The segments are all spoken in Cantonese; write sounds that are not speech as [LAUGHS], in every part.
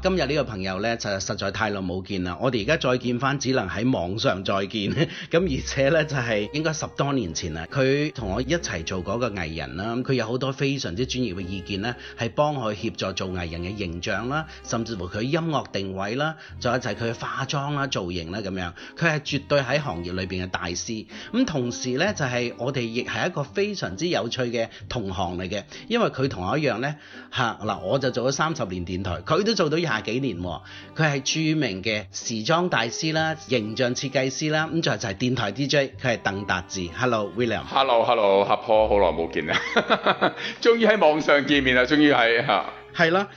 今日呢個朋友呢，實實在太耐冇見啦！我哋而家再見翻，只能喺網上再見。咁而且呢，就係應該十多年前啦。佢同我一齊做嗰個藝人啦，佢有好多非常之專業嘅意見呢，係幫我協助做藝人嘅形象啦，甚至乎佢音樂定位啦，仲有就係佢嘅化妝啦、造型啦咁樣。佢係絕對喺行業裏面嘅大師。咁同時呢，就係我哋亦係一個非常之有趣嘅同行嚟嘅，因為佢同我一樣呢。吓，嗱，我就做咗三十年電台，佢都做到。廿幾年喎，佢係著名嘅時裝大師啦、形象設計師啦，咁再就係電台 DJ，佢係鄧達智。Hello，William。Hello，Hello，合 hello，夥，好耐冇見啦， [LAUGHS] 終於喺網上見面啦，終於係嚇。係 [LAUGHS] 啦。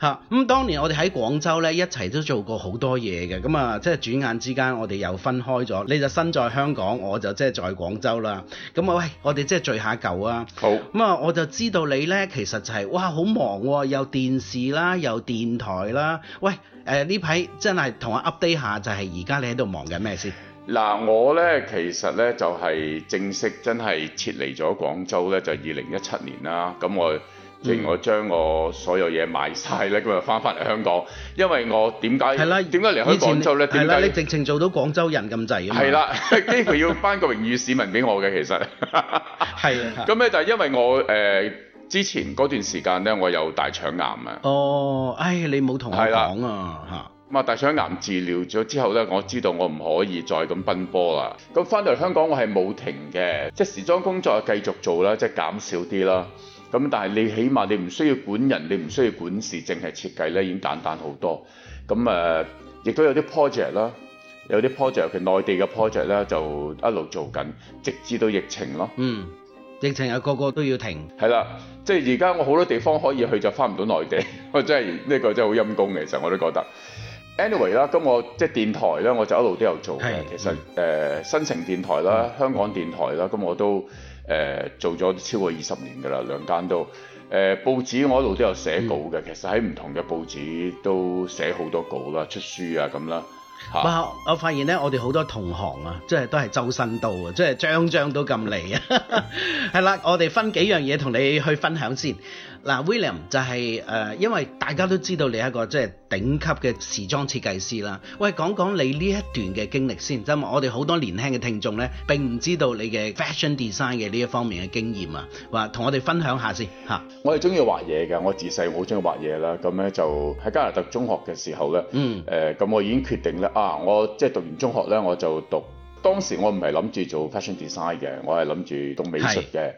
嚇、嗯！咁當年我哋喺廣州咧一齊都做過好多嘢嘅，咁啊即係轉眼之間我哋又分開咗。你就身在香港，我就即係在廣州啦。咁啊，喂，我哋即係聚下舊啊！好。咁啊，我就知道你咧其實就係、是、哇好忙喎、啊，又電視啦，又電台啦。喂，誒呢排真係同我 update 下就係而家你喺度忙緊咩先？嗱，我咧其實咧就係、是、正式真係撤離咗廣州咧，就係二零一七年啦。咁我。即、嗯、我將我所有嘢賣晒咧，咁啊翻翻嚟香港，因為我點解點解離開廣州咧？點解你直情做到廣州人咁滯？係啦，幾 [LAUGHS] 乎要頒個榮譽市民俾我嘅，其實。係 [LAUGHS] 啊。咁咧就係因為我誒、呃、之前嗰段時間咧，我有大腸癌啊。哦，唉、哎，你冇同我講啊嚇。咁啊，大腸癌治療咗之後咧，我知道我唔可以再咁奔波啦。咁翻到嚟香港，我係冇停嘅，即係時裝工作繼續做啦，即係減少啲啦。咁但係你起碼你唔需要管人，你唔需要管事，淨係設計咧已經簡單好多。咁啊，亦、呃、都有啲 project 啦，有啲 project，尤其內地嘅 project 咧就一路做緊，直至到疫情咯。嗯，疫情有、啊、個個都要停。係啦，即係而家我好多地方可以去就翻唔到內地， [LAUGHS] 我真係呢、呢個真係好陰功嘅，其實我都覺得。Anyway 啦，咁我即係電台咧，我就一路都有做嘅。其實、呃、新城電台啦、嗯，香港電台啦，咁我都。誒、呃、做咗超過二十年㗎啦，兩間都。誒、呃、報紙我度都有寫稿嘅、嗯，其實喺唔同嘅報紙都寫好多稿啦，出書啊咁啦。嚇、啊！我發現咧，我哋好多同行啊，即係都係周身刀啊，即係張張都咁利啊。係 [LAUGHS] 啦， [LAUGHS] 我哋分幾樣嘢同你去分享先。嗱、啊、William 就係、是、誒、呃，因為大家都知道你係一個即係頂級嘅時裝設計師啦。喂，講講你呢一段嘅經歷先，因、就、為、是、我哋好多年輕嘅聽眾咧，並唔知道你嘅 fashion design 嘅呢一方面嘅經驗啊，話、呃、同我哋分享一下先嚇。我係中意畫嘢嘅，我自細好中意畫嘢啦。咁咧就喺加拿大中學嘅時候咧，誒、嗯、咁、呃、我已經決定咧啊，我即係讀完中學咧我就讀。當時我唔係諗住做 fashion design 嘅，我係諗住讀美術嘅。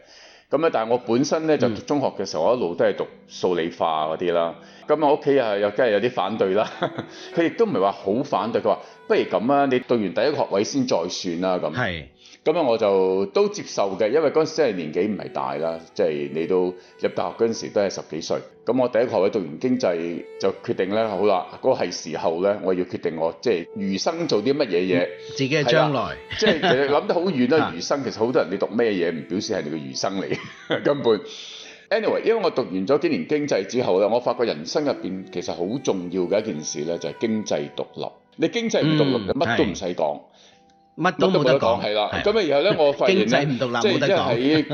咁但係我本身咧就讀中學嘅時候，嗯、我一路都係讀數理化嗰啲啦。咁我屋企又又梗係有啲反對啦。佢亦都唔係話好反對，佢話不如咁啊，你讀完第一個學位先再再算啦咁。咁樣我就都接受嘅，因為嗰陣時真係年紀唔係大啦，即係你都入大學嗰陣時都係十幾歲。咁我第一個學位讀完經濟，就決定咧，好啦，嗰係時候咧，我要決定我即係餘生做啲乜嘢嘢。自己嘅將來。即係其實諗得好遠啦，餘 [LAUGHS] 生其實好多人你讀咩嘢唔表示係你嘅餘生嚟 [LAUGHS] 根本。Anyway，因為我讀完咗幾年經濟之後啦，我發覺人生入邊其實好重要嘅一件事咧，就係經濟獨立。你經濟唔獨立，乜，嗯，都唔使講。乜都冇得講，係啦。咁啊，啊，然後咧，我發現咧，即係喺誒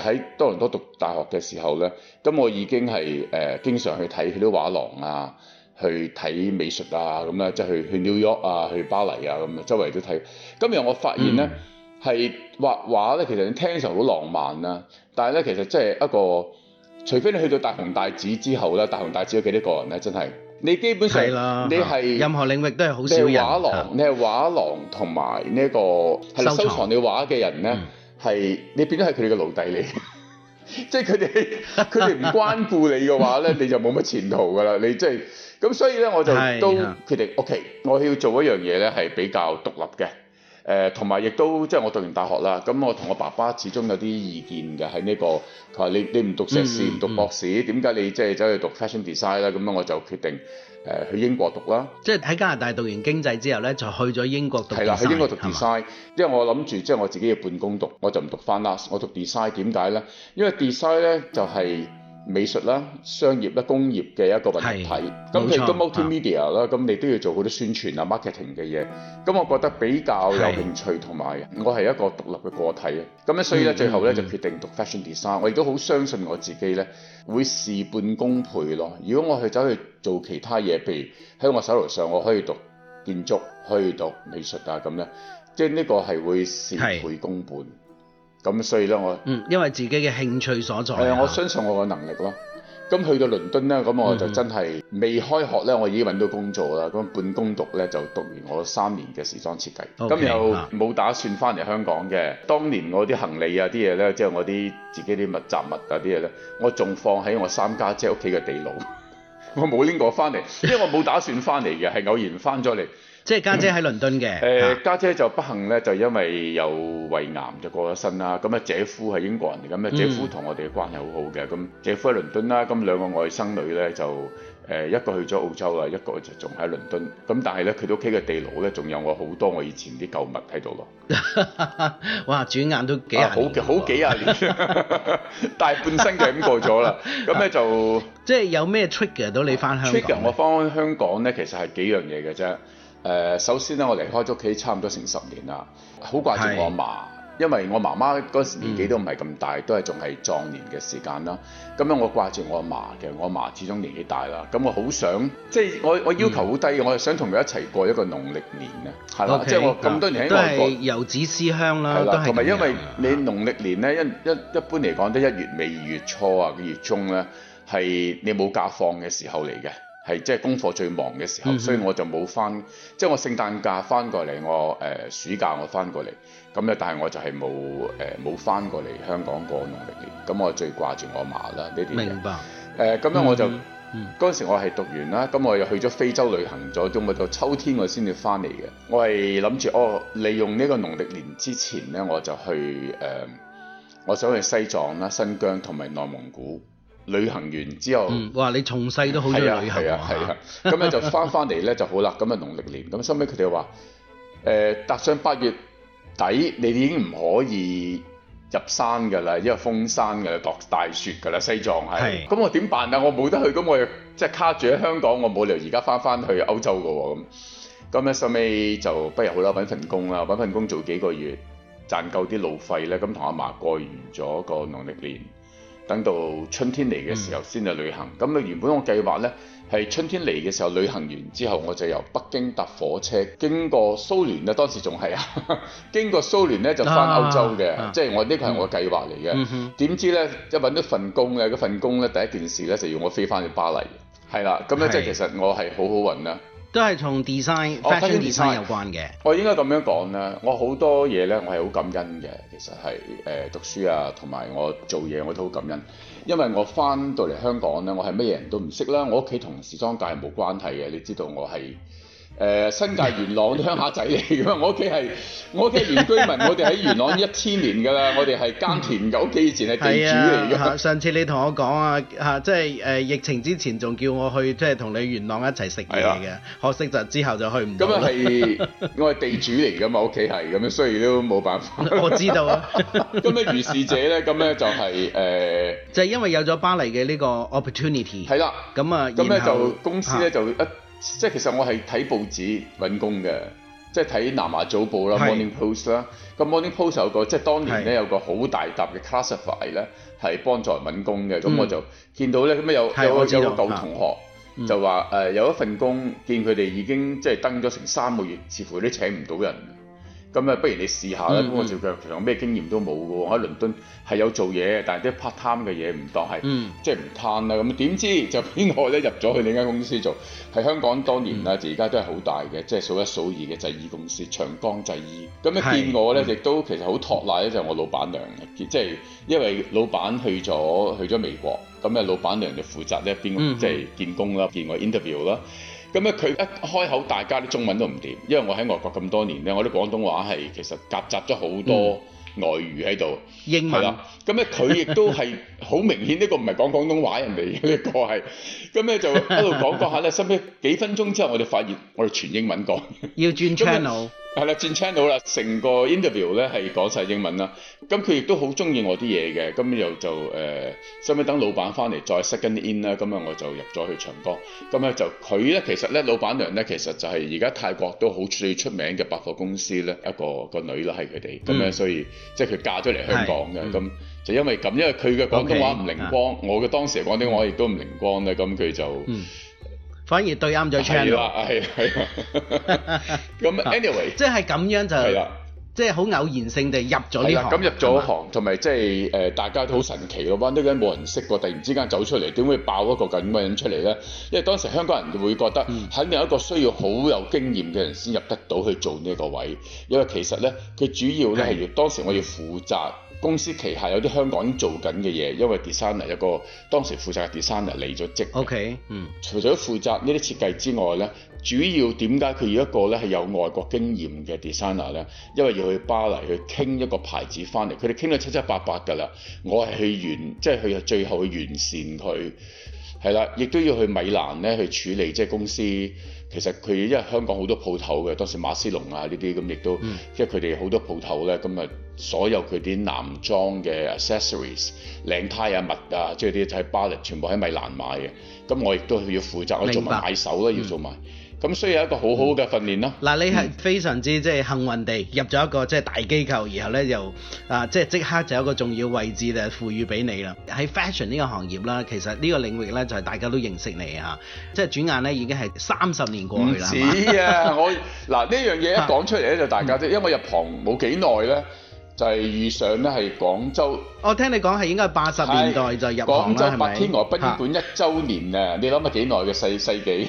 喺多倫多讀大學嘅時候咧，咁我已經係誒、呃、經常去睇佢啲畫廊啊，去睇美術啊咁啦，即係去去 New York 啊，去巴黎啊咁，周圍都睇。今日我發現咧，係畫畫咧，其實你聽嘅時候好浪漫啦，啊，但係咧，其實即係一個，除非你去到大紅大紫之後咧，大紅大紫有幾多個人咧？真係。你基本上你係任何領域都係好少人。你係畫廊，你係畫廊同埋呢個收藏，收藏你畫嘅人咧，係、嗯、你變咗係佢哋嘅奴隸嚟。即係佢哋佢哋唔關顧你嘅話咧， [LAUGHS] 你就冇乜前途㗎啦。你即係咁，所以咧我就都決定 OK，我要做一樣嘢咧係比較獨立嘅。誒同埋亦都即係我讀完大學啦，咁我同我爸爸始終有啲意見嘅喺呢個，佢話你你唔讀碩士唔、嗯、讀博士，點、嗯、解你即係走去讀 fashion design 啦，咁我就決定、呃、去英國讀啦。即係喺加拿大讀完經濟之後咧，就去咗英國讀 design 係啦，去英國讀 design，, 國讀 design 因為我諗住即係我自己要半工讀，我就唔讀 finance，我讀 design 點解咧？因為 design 咧就係、是。美術啦、商業啦、工業嘅一個問題，咁譬如個 multimedia 啦，咁、嗯、你都要做好多宣傳啊、marketing 嘅嘢。咁我覺得比較有興趣，同埋我係一個獨立嘅個體。咁咧，所以咧、嗯，最後咧、嗯、就決定讀 fashion design。我亦都好相信我自己咧，會事半功倍咯。如果我去走去做其他嘢，譬如喺我手路上，我可以讀建築，可以讀美術啊咁咧，即係呢、就是、個係會事倍功半。咁所以咧，我嗯，因為自己嘅興趣所在、啊，我相信我嘅能力咯。咁去到倫敦咧，咁我就真係、嗯、未開學咧，我已經揾到工作啦。咁半工讀咧，就讀完我三年嘅時裝設計。咁、okay, 又冇打算翻嚟香港嘅、嗯。當年我啲行李啊，啲嘢咧，即、就、係、是、我啲自己啲物雜物啊，啲嘢咧，我仲放喺我三家姐屋企嘅地牢。 [LAUGHS] 我冇拎過翻嚟，因為我冇打算翻嚟嘅，係 [LAUGHS] 偶然翻咗嚟。即係家姐喺倫敦嘅，誒、嗯、家、呃、姐、姐就不幸咧，就因為有胃癌就過咗身啦。咁啊，姐夫係英國人嚟，咁啊姐夫同我哋嘅關係好好嘅。咁、嗯、姐夫喺倫敦啦，咁兩個外甥女咧就誒、呃、一個去咗澳洲啦，一個就仲喺倫敦。咁但係咧，佢屋企嘅地牢咧，仲有我好多我以前啲舊物喺度咯。 [LAUGHS] 哇！轉眼都幾、啊、好好幾廿年， [LAUGHS] [LAUGHS] 大半生就咁過咗啦。咁 [LAUGHS] 咧就即係有咩 trigger 到你翻香港、啊、trigger 我翻香港咧，其實係幾樣嘢嘅啫。誒、呃，首先咧，我離開咗屋企差唔多成十年啦，好掛住我阿媽，因為我媽媽嗰時年紀都唔係咁大，嗯、都係仲係壯年嘅時間啦。咁樣我掛住我阿媽嘅，我阿媽始終年紀大啦，咁我好想，即係我我要求好低，嗯、我係想同佢一齊過一個農曆年咧，係、嗯、啦，是 okay，即係我咁多年喺外國，都係遊子思鄉啦、啊，同埋、啊、因為你農曆年咧，一一一般嚟講都一月尾二月初啊二月中咧，係你冇假放嘅時候嚟嘅。係即係功課最忙嘅時候、嗯，所以我就冇翻，即、就、係、是、我聖誕假翻過嚟，我誒、呃、暑假我翻過嚟，咁咧，但係我就係冇誒冇翻過嚟香港過農曆年，咁我最掛住我嫲啦呢啲嘢。明白。咁、呃、樣我就嗰陣、嗯、時我係讀完啦，咁我又去咗非洲旅行咗，到咪到秋天我先至翻嚟嘅。我係諗住哦，利用呢個農曆年之前咧，我就去誒、呃，我想去西藏啦、新疆同埋內蒙古。旅行完之後，嗯，話你從細都好中意旅行啊，係啊，係啊，咁咧、啊啊啊啊啊啊啊啊、就翻翻嚟咧就好啦。咁 [LAUGHS] 啊農曆年，咁收尾佢哋話，誒、呃、搭上八月底，你哋已經唔可以入山㗎啦，因為封山㗎啦，落大雪㗎啦，西藏係。咁我點辦啊？我冇得去，咁我又即係卡住喺香港，我冇理由而家翻翻去歐洲㗎喎。咁咁咧收尾就不如好啦，揾份工啦，揾份工做幾個月，賺夠啲路費咧，咁同阿嫲過完咗個農曆年。等到春天嚟嘅時候先去旅行。咁、嗯、啊原本我計劃呢，係春天嚟嘅時候旅行完之後，我就由北京搭火車經過蘇聯啊，當時仲係 [LAUGHS] 啊，經過蘇聯呢，嗯、就翻歐洲嘅，即係我呢個係我計劃嚟嘅。點知呢，一揾到份工呢，嗰份工呢，第一件事呢，就要我飛翻去巴黎。係啦，咁呢，即係其實我係好好運啦。都係同 design，fashion design 有關嘅。我應該咁樣講啦。我好多嘢呢，我係好感恩嘅。其實係誒讀書啊，同埋我做嘢我都好感恩。因為我翻到嚟香港呢，我係乜嘢人都唔識啦。我屋企同時裝界係冇關係嘅，你知道我係。誒、呃、新界元朗啲鄉下仔嚟㗎嘛，我屋企係我屋企原居民， [LAUGHS] 我哋喺元朗一千年㗎啦，我哋係耕田嘅，屋企以前係地主嚟嘅、啊。上次你同我講啊，啊即係、啊、疫情之前仲叫我去，即係同你元朗一齊食嘢嘅，可惜就之後就去唔到。咁我係地主嚟㗎嘛，屋企係咁樣，所以都冇辦法。 [LAUGHS] 我知道啊。咁 [LAUGHS] 咧如是者咧，咁咧就係、是呃、就係、是、因為有咗巴黎嘅呢個 opportunity。係啦。咁啊，咁咧就公司咧、啊、就一。即係其實我係睇報紙揾工嘅，即係睇《南華早報》啦，《Morning Post》啦。咁《Morning Post 有有、嗯有》有，有個即係當年咧有個好大疊嘅 classify 咧，係幫助揾工嘅。咁我就見到咧，咁啊有有有個舊同學就話誒有一份工、嗯，見佢哋已經即係登咗成三個月，似乎都請唔到人。咁誒，不如你試下啦。咁、嗯、我照強其實我咩經驗都冇嘅喎，喺、嗯、倫敦係有做嘢，但係啲 part time 嘅嘢唔當係，即係唔攤啦。咁點知就俾我咧入咗去你間公司做，喺香港當年啦，至而家都係好大嘅，即、就、係、是、數一數二嘅製衣公司，長江製衣。咁一見我咧，亦都其實好托賴咧，就係我老闆娘即係、就是、因為老闆去咗去咗美國，咁咧老闆娘就負責呢邊，即係見工啦，見我 interview 啦。咁咧，佢一開口，大家啲中文都唔掂，因為我喺外國咁多年咧，我啲廣東話係其實夾雜咗好多外語喺度，英文係啦。咁咧，佢亦都係好明顯，呢個唔係講廣東話人，人哋呢個係。咁咧就一路講講下咧，收尾幾分鐘之後，我哋發現我哋全英文講，要轉 channel。係啦，轉 channel 啦，成個 interview 咧係講晒英文啦。咁佢亦都好中意我啲嘢嘅，咁又就誒，使唔使等老闆翻嚟再 second in 啦？咁啊，我就入咗去長江。咁咧就佢咧，其實咧老闆娘咧，其實就係而家泰國都好最出名嘅百貨公司咧，一個一個女啦係佢哋。咁樣、嗯、所以即係佢嫁咗嚟香港嘅，咁就因為咁，因為佢嘅廣東話唔、okay，靈光，yeah。我嘅當時廣東話亦都唔靈光咧，咁佢就。嗯反而對啱咗 channel，係啦，係咁 [LAUGHS] anyway，即係咁樣就，即係好偶然性地入咗呢行。咁入咗行，同埋即係誒大家都好神奇咯，玩呢啲冇人，人識過，突然之間走出嚟，點會爆一個咁嘅人出嚟咧？因為當時香港人會覺得肯定有一個需要好有經驗嘅人先入得到去做呢個位，因為其實咧佢主要咧係要當時我要負責。公司旗下有啲香港做緊嘅嘢，因為 designer 有個當時負責嘅 designer 離咗職。O K，嗯，除咗負責呢啲設計之外咧，主要點解佢要一個咧係有外國經驗嘅 designer 咧？因為要去巴黎去傾一個牌子翻嚟，佢哋傾到七七八八㗎啦。我係去完，即係去最後去完善佢，係啦，亦都要去米蘭咧去處理即係公司。其實佢因為香港好多鋪頭嘅，當時馬斯龍啊呢啲咁亦都、嗯，因為佢哋好多鋪頭咧，咁啊所有佢啲男裝嘅 accessories 領呔啊、襪啊，即係啲就係 balance 全部喺米蘭買嘅，咁我亦都要負責，我做埋買手啦，要做埋。嗯咁需要一個好好嘅訓練咯。嗱、嗯，你係非常之即係、就是、幸運地入咗一個即係、就是、大機構，然後咧又啊即係即，即刻就有一個重要位置咧賦予俾你啦。喺 fashion 呢個行業啦，其實呢個領域咧就係、是、大家都認識你啊。即、就、係、是、轉眼咧已經係三十年過去、啊、 [LAUGHS] 啦。唔止啊！我嗱呢樣嘢一講出嚟咧，就大家即係因為入行冇幾耐咧。就係、是、遇上咧，係廣州。我聽你講係應該八十年代就入行，廣州白天鵝賓館一周年啊！你諗下幾耐嘅世 [LAUGHS] 世紀？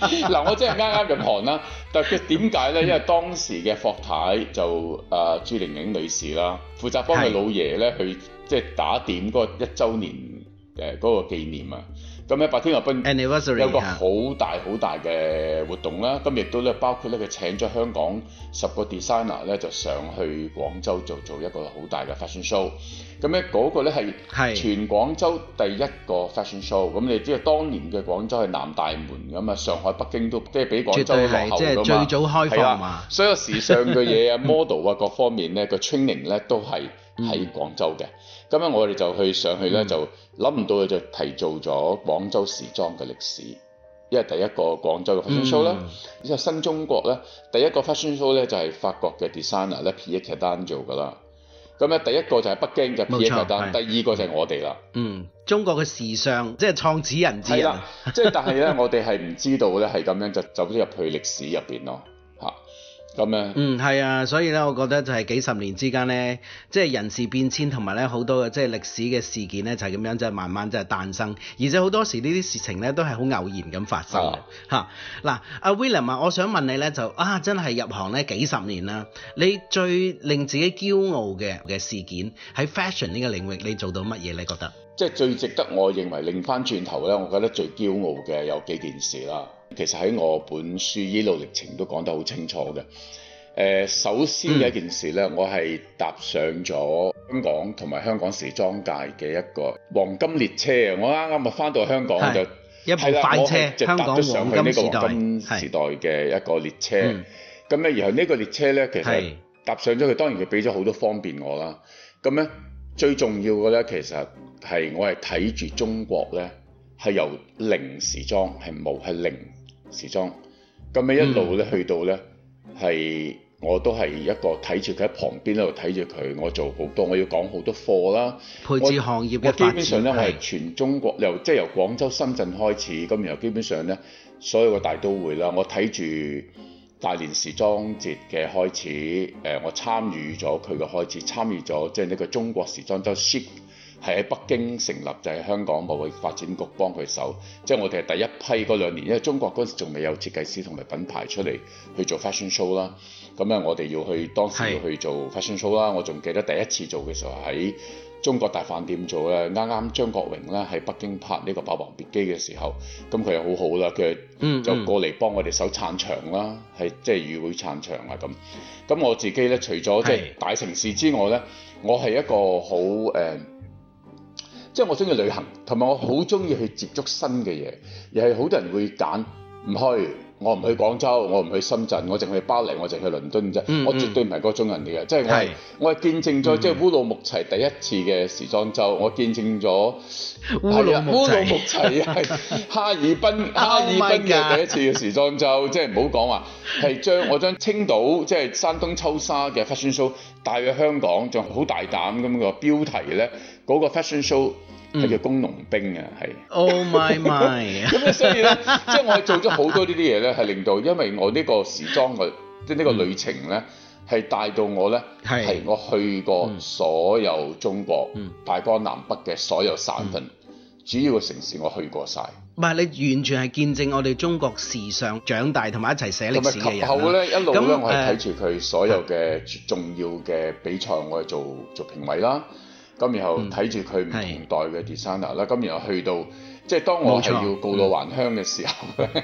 嗱， [LAUGHS] 我真係啱啱入行啦。但佢點解咧？ [LAUGHS] 因為當時嘅霍太就啊、呃、朱玲玲女士啦，負責幫佢老爺咧去即係打點嗰個一周年誒嗰個紀念啊。咁咧白天鵝賓有個好大好大嘅活動啦，咁亦都咧包括咧佢請咗香港十個 designer 咧就上去廣州做做一個好大嘅 fashion show。咁咧嗰個咧係全廣州第一個 fashion show。咁你知啊，當年嘅廣州係南大門咁啊，上海、北京都即係比廣州落後㗎嘛。絕對係，即係最早開放嘛。係啊，所以時尚嘅嘢啊，model 啊各方面咧，個 training 咧都係喺廣州嘅。嗯咁樣我哋就去上去咧、嗯，就諗唔到佢就締造咗廣州時裝嘅歷史，因為第一個廣州嘅 fashion show 啦、嗯，之後新中國咧第一個 fashion show 咧就係、是、法國嘅 designer、嗯就是、design 咧、嗯、Pierre Cardin 做㗎啦。咁咧第一個就係北京嘅 Pierre Cardin 第二個就係我哋啦。嗯，中國嘅時尚即係創始人之啦，即係、就是、但係咧 [LAUGHS] 我哋係唔知道咧係咁樣就走咗入去歷史入邊咯。咁咧，嗯，係啊，所以咧，我覺得就係幾十年之間咧，即係人事變遷同埋咧好多嘅即係歷史嘅事件咧，就係咁樣，就係慢慢就係誕生，而且好多時呢啲事情咧都係好偶然咁發生吓嗱，阿 William 啊，啊啊 William，我想問你咧，就啊，真係入行咧幾十年啦，你最令自己驕傲嘅嘅事件喺 fashion 呢個領域，你做到乜嘢你覺得即係最值得？我認為擰翻轉頭咧，我覺得最驕傲嘅有幾件事啦。其實喺我本書衣路歷程都講得好清楚嘅。誒、呃，首先嘅一件事呢，嗯、我係搭上咗香港同埋香港時裝界嘅一個黃金列車。我啱啱咪翻到香港就搭咗上去呢個黃金時代嘅、這個、一個列車。咁、嗯、咧，然後呢個列車呢，其實搭上咗佢，當然佢俾咗好多方便我啦。咁呢，最重要嘅呢，其實係我係睇住中國呢，係由零時裝係冇，係零。時裝咁樣一路咧、嗯、去到咧，係我都係一個睇住佢，喺旁邊一度睇住佢，我做好多，我要講好多貨啦。配置行業一，我基本上咧係全中國由即係、就是、由廣州、深圳開始，咁然後基本上咧所有個大都會啦，我睇住大連時裝節嘅開始，誒、呃、我參與咗佢嘅開始，參與咗即係呢個中國時裝周 shift 係喺北京成立，就係、是、香港貿易發展局幫佢手。即、就、係、是、我哋係第一批嗰兩年，因為中國嗰陣時仲未有設計師同埋品牌出嚟去做 fashion show 啦。咁啊，我哋要去當時要去做 fashion show 啦。我仲記得第一次做嘅時候喺中國大飯店做咧，啱啱張國榮咧喺北京拍呢、這個《霸王別姬》嘅時候，咁佢又好好啦，佢就過嚟幫我哋手撐場啦，係即係與會撐場啊咁。咁我自己咧，除咗即係大城市之外咧，我係一個好誒。呃即係我中意旅行，同埋我好中意去接觸新嘅嘢，而係好多人會揀唔去，我唔去廣州，我唔去深圳，我淨去巴黎，我淨去倫敦啫、嗯。我絕對唔係嗰種人嚟嘅，即係、就是、我係我係見證咗即係烏魯木齊第一次嘅時裝周，我見證咗烏魯木齊啊，係哈爾濱 [LAUGHS] 哈爾濱嘅第一次嘅時裝周，即係唔好講話係將我將青島即係山東秋沙嘅 fashion show 帶去香港，仲好大膽咁個標題咧，嗰、那個 fashion show。佢、嗯、叫工農兵啊，係。Oh my my！咁啊，所以咧，即、就、係、是、我做咗好多呢啲嘢咧，係令到因為我呢個時裝嘅，即係呢個旅程咧，係帶到我咧係，是是我去過所有中國、嗯、大江南北嘅所有省份，嗯、主要嘅城市我去過晒。唔係你完全係見證我哋中國時尚長大同埋一齊寫歷史啊！及後咧一路咧，我係睇住佢所有嘅重要嘅比賽、嗯，我係做做評委啦。咁然後睇住佢唔同代嘅 designer 啦、嗯，咁然後去到即係當我係要告老還鄉嘅時候，咁、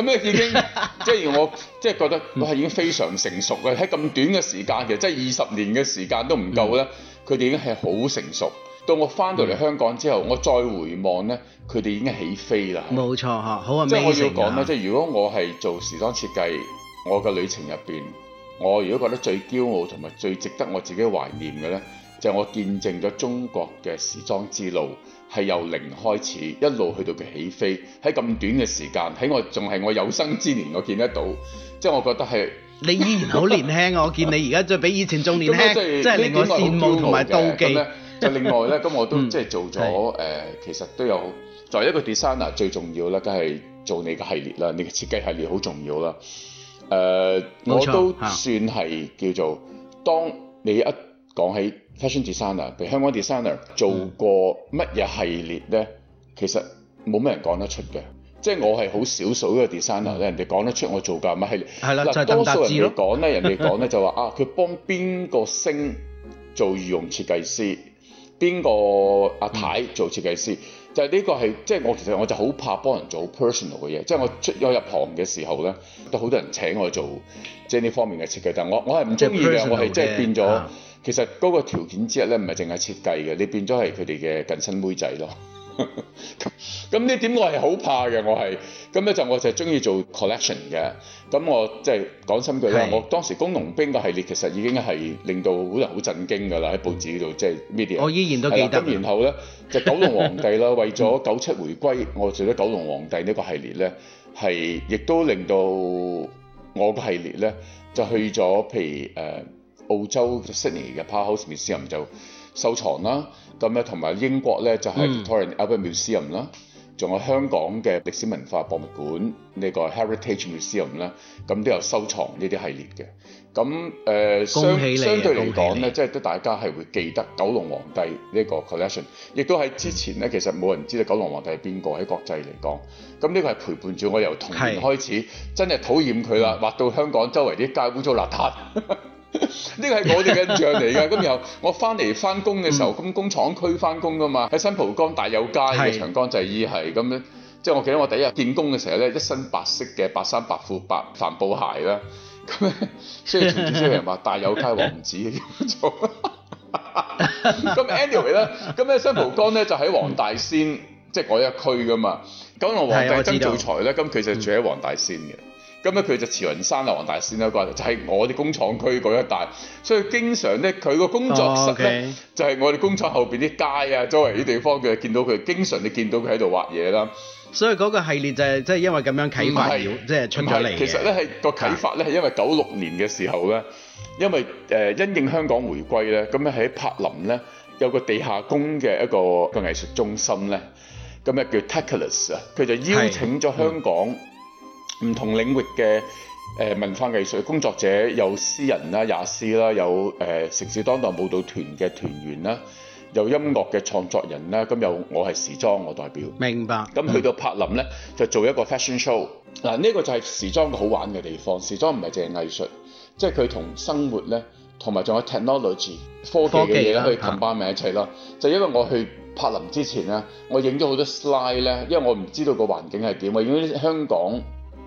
嗯、咧 [LAUGHS] 已經 [LAUGHS] 即係我即係覺得我係已經非常成熟喇，喺、嗯、咁短嘅時間其實即係二十年嘅時間都唔夠咧，佢、嗯、哋已經係好成熟。嗯、到我翻到嚟香港之後，嗯、我再回望咧，佢、嗯、哋已經起飛啦。冇錯嚇，好是啊，即係我要講啦。即係如果我係做時裝設計，我嘅旅程入邊，我如果覺得最驕傲同埋最值得我自己懷念嘅咧。就是、我見證咗中國嘅時裝之路，係由零開始，一路去到佢起飛，喺咁短嘅時間，喺我仲係我有生之年，我見得到，即、就、係、是、我覺得係你依然好年輕啊！ [LAUGHS] 我見你而家再比以前仲年輕，即係、就是、令我羨慕同埋妒忌，咧，就另外咧，咁 [LAUGHS] 我都即係做咗誒、 [LAUGHS] 嗯呃、其實都有作為一個 designer 最重要咧梗係做你嘅系列啦，你嘅設計系列好重要啦。誒、呃、我都算係、嗯、叫做當你一講起。Fashion designer，譬如香港 designer 做過乜嘢系列咧、嗯？其實冇咩人講得出嘅，即係我係好少數嘅 designer 咧。人哋講得出我做㗎乜系列，係啦，就多數人嚟講咧，人哋講咧就話啊，佢幫邊個星做御用設計師，邊個阿太做設計師，嗯、就係、是、呢個係即係我其實我就好怕幫人做好 personal 嘅嘢，即、就、係、是、我出咗入行嘅時候咧，都好多人請我做即係呢方面嘅設計，但我我係唔中意嘅，我係即係變咗。啊其實嗰個條件之一咧，唔係淨係設計嘅，你變咗係佢哋嘅近身妹仔咯。咁咁呢點我係好怕嘅，我係。咁咧就是我就係中意做 collection 嘅。咁我即係講真句啦，我當時工農兵個系列其實已經係令到好多人好震驚㗎啦，喺報紙嗰度即係 media 我依然都記得。啊、咁然後咧就九龍皇帝啦， [LAUGHS] 為咗九七回歸，我做咗九龍皇帝呢個系列咧，係亦都令到我個系列咧就去咗，譬如誒，呃澳洲悉尼嘅 Powerhouse Museum 就收藏啦，咁咧同埋英國咧就係、是、Victoria and Albert Museum 啦、嗯，仲有香港嘅歷史文化博物館呢、這個 Heritage Museum 啦，咁都有收藏呢啲系列嘅。咁誒、呃、相相對嚟講咧，即係都大家係會記得九龍皇帝呢個 collection，亦都喺之前咧其實冇人知道九龍皇帝係邊個喺國際嚟講。咁呢個係陪伴住我由童年開始，真係討厭佢啦，畫、嗯、到香港周圍啲街污糟邋遢。 [LAUGHS] 呢個係我哋嘅印象嚟㗎，咁然後我翻嚟翻工嘅時候，咁、嗯、工廠區翻工㗎嘛，喺新蒲崗大有街嘅長江製衣係。咁咧即係我記得我第一日見工嘅時候咧，一身白色嘅白衫白褲白帆布鞋啦，咁咧所以所以人話大有街王子咁 [LAUGHS] [LAUGHS] [LAUGHS] anyway 咧，咁咧新蒲崗咧就喺黃大仙 [LAUGHS] 即係嗰一區㗎嘛，咁我黃大曾做財咧，咁佢就住喺黃大仙嘅。咁咧佢就慈雲山啊，黃大仙啦，就係我哋工廠區嗰一帶，所以經常咧佢個工作室咧、oh, okay. 就係我哋工廠後邊啲街啊，周圍啲地方，佢見到佢，經常你見到佢喺度畫嘢啦。所以嗰個系列就係即係因為咁樣啟發，即係、就是、出嚟。其實咧係個啟發咧，係因為九六年嘅時候咧，因為誒、呃、因應香港回歸咧，咁咧喺柏林咧有個地下宮嘅一個、嗯、一個藝術中心咧，咁咧叫 t e k u l e s 啊，佢就邀請咗香港。嗯唔同領域嘅誒、呃、文化藝術工作者，有詩人啦、也斯啦，有誒、呃、城市當代舞蹈團嘅團員啦，有音樂嘅創作人啦。咁有我係時裝我代表，明白。咁去到柏林咧、嗯，就做一個 fashion show。嗱，呢、這個就係時裝嘅好玩嘅地方。時裝唔係淨係藝術，即係佢同生活咧，同埋仲有 technology 科技嘅嘢啦，可以 combine 埋一齊啦、啊。就因為我去柏林之前咧，我影咗好多 slide 咧，因為我唔知道個環境係點，我影咗啲香港。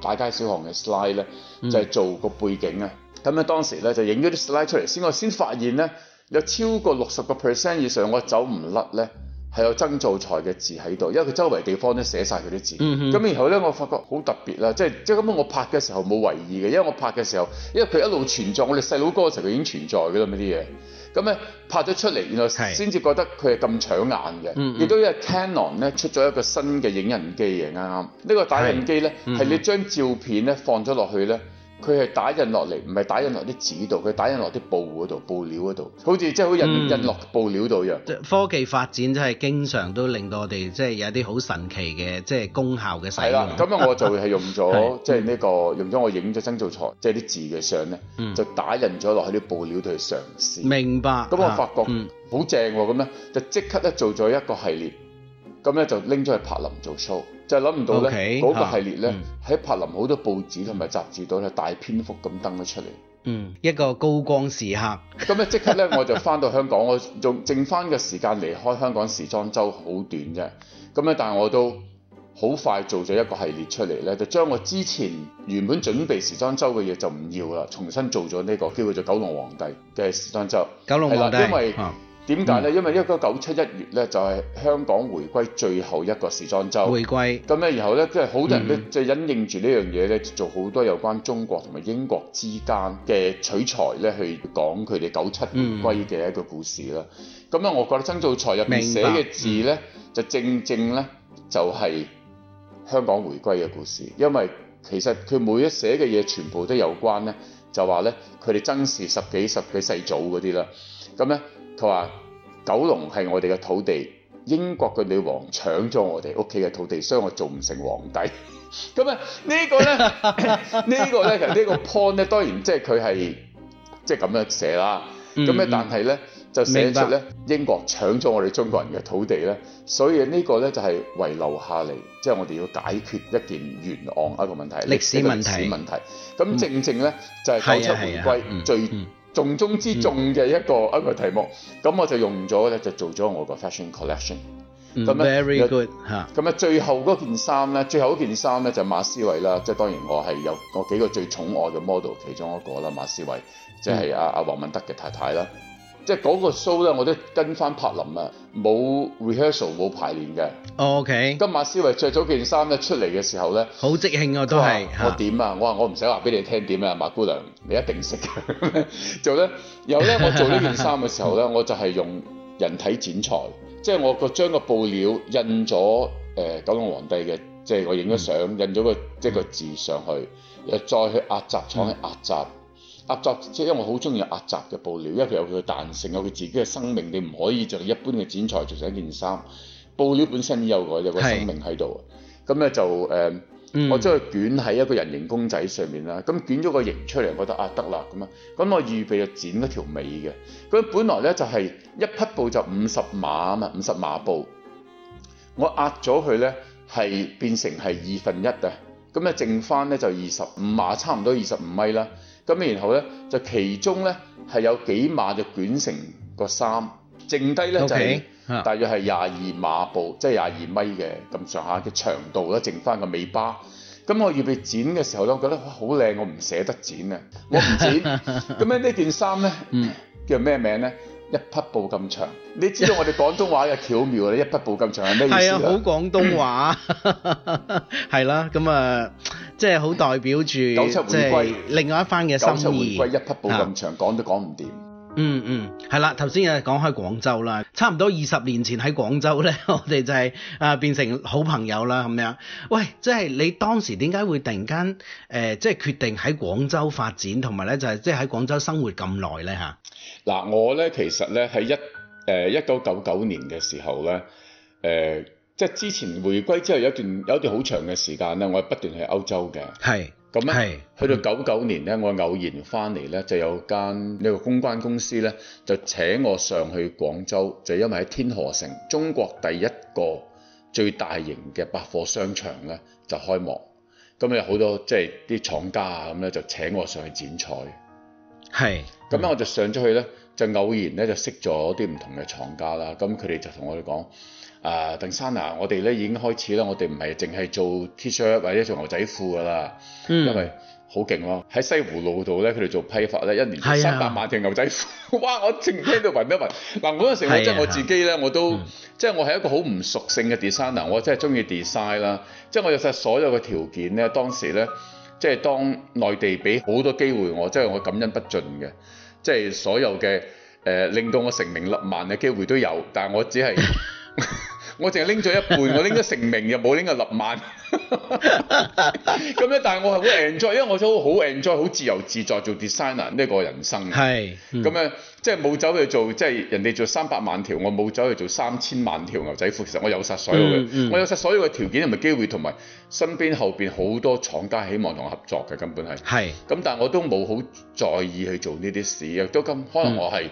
大街小巷嘅 slide 咧，就係、是、做個背景啊！咁、嗯、咧當時咧就影咗啲 slide 出嚟先，我先發現咧有超過六十個 percent 以上我走唔甩咧，係有曾灶財嘅字喺度，因為佢周圍地方都寫晒佢啲字。咁、嗯、然後咧我發覺好特別啦，即係即係咁樣我拍嘅時候冇為意嘅，因為我拍嘅時候，因為佢一路存在，我哋細佬哥嗰時候已經存在㗎啦，啲嘢。咁咧拍咗出嚟，原來先至覺得佢係咁搶眼嘅，亦都因為 Canon 咧出咗一個新嘅影印機嘅，啱啱呢個打印機咧係你將照片咧放咗落去咧。佢係打印落嚟，唔係打印落啲紙度，佢打印落啲布嗰度，布料嗰度，好似即係好印印落布料度一樣。科技發展真係經常都令到我哋即係有一啲好神奇嘅即係功效嘅使用。係啦、啊，咁啊、就是這個嗯、我就係用咗即係呢個用咗我影咗曾灶財，即係啲字嘅相咧，就打印咗落去啲布料度去嘗試。明白。咁我發覺好正喎，咁、嗯、咧、啊、就即刻咧做咗一個系列，咁咧就拎咗去柏林做 show。就係諗唔到咧，嗰、okay, 個系列咧喺、嗯、柏林好多報紙同埋雜誌度咧大篇幅咁登咗出嚟。嗯，一個高光時刻。咁咧即刻咧我就翻到香港，我仲剩翻嘅時間離開香港時裝周好短啫。咁咧但係我都好快做咗一個系列出嚟咧，就將我之前原本準備時裝周嘅嘢就唔要啦，重新做咗呢、這個，叫做九龍皇帝嘅時裝周。九龍皇帝。點解咧？因為一九九七一月咧，就係、是、香港回歸最後一個時裝周。回歸。咁咧，然後咧，即係好多人都就係因應住呢樣嘢咧，做好多有關中國同埋英國之間嘅取材咧，去講佢哋九七回歸嘅一個故事啦。咁、嗯、咧、嗯，我覺得曾灶財入邊寫嘅字咧，就正正咧，就係、是、香港回歸嘅故事。因為其實佢每一寫嘅嘢，全部都有關咧，就話咧，佢哋曾氏十幾十嘅世祖嗰啲啦，咁、嗯、咧。佢話：九龍係我哋嘅土地，英國嘅女王搶咗我哋屋企嘅土地，所以我做唔成皇帝。咁 [LAUGHS] 啊個， [LAUGHS] 個呢個咧，呢個咧，其實呢個 point 咧，當然即係佢係即係咁樣寫啦。咁、嗯、咧，但係咧就寫出咧，英國搶咗我哋中國人嘅土地咧，所以個呢個咧就係遺留下嚟，即、就、係、是、我哋要解決一件懸案一個問題，歷史問題。咁正正咧就係、是、九七回歸、嗯、最、啊。重中之重嘅一個、嗯、一個題目，咁我就用咗咧，就做咗我個 fashion collection、嗯。咁啊，嚇，咁啊、huh?，最後嗰件衫咧，最後嗰件衫咧就是、馬思維啦，即係當然我係有我幾個最寵愛嘅 model 其中一個啦，馬思維，即係阿阿黃敏德嘅太太啦。即係嗰個 show 咧，我都跟翻柏林啊，冇 rehearsal 冇排練嘅。O、oh, K、okay.。今馬思維著咗件衫咧出嚟嘅時候咧，好即興啊都係。我點啊？我話、啊啊、我唔使話俾你聽點啊，馬姑娘，你一定識。 [LAUGHS] 就咧，然後咧，我做呢件衫嘅時候咧， [LAUGHS] 我就係用人體剪裁，即 [LAUGHS] 係我個將個布料印咗誒九龍皇帝嘅，即、就、係、是、我影咗相印咗個即係、就是、個字上去，又再去壓紮廠去壓紮。壓壓紮即係，因為我好中意壓紮嘅布料，因為佢有佢嘅彈性，有佢自己嘅生命。你唔可以着一般嘅剪裁做成一件衫。布料本身有個有個生命喺度，咁咧就誒、呃嗯，我將佢捲喺一個人形公仔上面啦。咁捲咗個型出嚟，覺得啊得啦咁啊。咁我預備就剪嗰條尾嘅。咁本來咧就係、是、一匹布就五十碼啊嘛，五十碼布，我壓咗佢咧係變成係二分一啊。咁咧剩翻咧就二十五碼，差唔多二十五米啦。咁然後咧就其中咧係有幾碼就捲成個衫，剩低咧就係、是 okay. 大約係廿二碼布，即係廿二米嘅咁上下嘅長度啦，剩翻個尾巴。咁我預備剪嘅時候咧，我覺得好靚，我唔捨得剪啊，我唔剪。咁 [LAUGHS] 咧呢件衫咧，叫咩名咧？一匹布咁長，你知道我哋廣東話嘅巧妙咧？ [LAUGHS] 一匹布咁長係咩意思係啊？係啊，好廣東話，係、嗯、啦，咁 [LAUGHS] 啊，呃、即係好代表住，即係另外一番嘅心意。九七回歸一匹布咁長講都講唔掂。嗯嗯，係啦，頭先又講開廣州啦，差唔多二十年前喺廣州咧，我哋就係啊變成好朋友啦咁樣。喂，即係你當時點解會突然間誒，即係決定喺廣州發展，同埋咧就係即係喺廣州生活咁耐咧吓？嗱，我咧其實咧喺一誒一九九九年嘅時候咧，誒即係之前回歸之後有一段有一段好長嘅時間咧，我係不斷去歐洲嘅。係。咁咧，去到九九年咧，我偶然翻嚟咧，就有間呢個公關公司咧，就請我上去廣州，就因為喺天河城，中國第一個最大型嘅百貨商場咧就開幕，咁有好多即係啲廠家啊咁咧就請我上去剪彩。係，咁咧我就上咗去咧，就偶然咧就識咗啲唔同嘅廠家啦，咁佢哋就同我哋講。啊 d e s 我哋咧已經開始啦，我哋唔係淨係做 T-shirt 或者做牛仔褲噶啦，嗯，因為好勁咯。喺西湖路度咧，佢哋做批發咧，一年三百萬條牛仔褲，啊、哇！我正聽到暈一暈。嗱， [LAUGHS] 啊，我嘅成功即係我自己咧，啊，我都即係，啊就是，我係一個好唔熟悉性嘅 designer，是，啊、我真係中意 design 啦，啊。即係我有晒所有嘅條件咧，當時咧即係當內地俾好多機會我，即、就、係、是、我感恩不盡嘅。即、就、係、是、所有嘅誒、呃、令到我成名立萬嘅機會都有，但係我只係。 [LAUGHS] 我淨係拎咗一半， [LAUGHS] 我拎咗成名又冇拎個立萬咁樣。 [LAUGHS] 但係我係好 enjoy，因為我都好 enjoy，好自由自在做 designer 呢個人生。係咁咧，即係冇走去做，即係人哋做三百萬條，我冇走去做三千萬條牛仔褲。其實我有曬所有嘅、嗯嗯，我有曬所有嘅條件同埋機會，同埋身邊後邊好多廠家希望同我合作嘅根本係係咁。但係我都冇好在意去做呢啲事，亦都咁可能我係、嗯、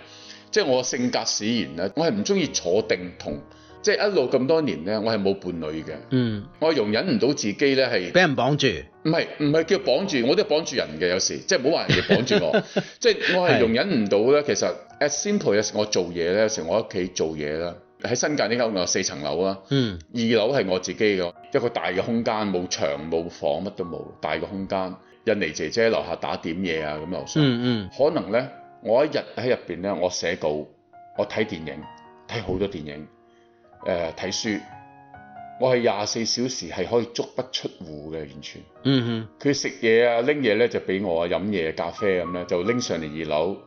即係我性格使然啦。我係唔中意坐定同。即係一路咁多年咧，我係冇伴侶嘅。嗯，我係容忍唔到自己咧，係俾人綁住。唔係唔係叫綁住，我都綁住人嘅有時。即係唔好話人哋綁住我， [LAUGHS] 即係我係容忍唔到咧。其實 [LAUGHS] as simple as 我做嘢咧，有時我喺屋企做嘢啦。喺新界呢間屋有四層樓啦。嗯。二樓係我自己嘅一個大嘅空間，冇牆冇房，乜都冇，大嘅空間。印尼姐姐喺樓下打點嘢啊，咁樓上。嗯，嗯。可能咧，我一日喺入邊咧，我寫稿，我睇電影，睇好多電影。誒、呃、睇書，我係廿四小時係可以足不出戶嘅，完全。嗯哼。佢食嘢啊，拎嘢咧就俾我啊，飲嘢咖啡咁咧就拎上嚟二樓，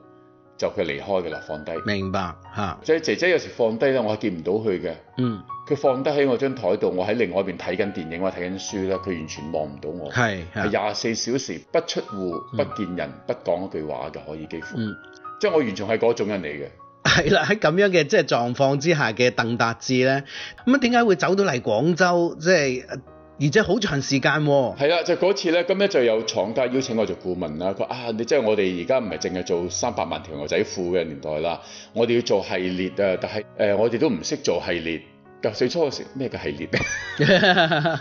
就佢離開㗎啦，放低。明白嚇。即係姐姐有時放低咧，我係見唔到佢嘅。嗯。佢放低喺我張台度，我喺另外一邊睇緊電影，我睇緊書啦，佢完全望唔到我。係。廿四小時不出戶、嗯、不見人、不講一句話嘅可以幾乎。嗯、即係我完全係嗰種人嚟嘅。係啦，喺咁樣嘅即係狀況之下嘅鄧達智咧，咁啊點解會走到嚟廣州？即係，而且好長時間喎。係啊，就嗰次咧，咁咧就有廠家邀請我做顧問啦。佢啊，你即係我哋而家唔係淨係做三百萬條牛仔褲嘅年代啦，我哋要做系列啊，但係誒我哋都唔識做系列。最初成咩嘅系列咧？ [LAUGHS]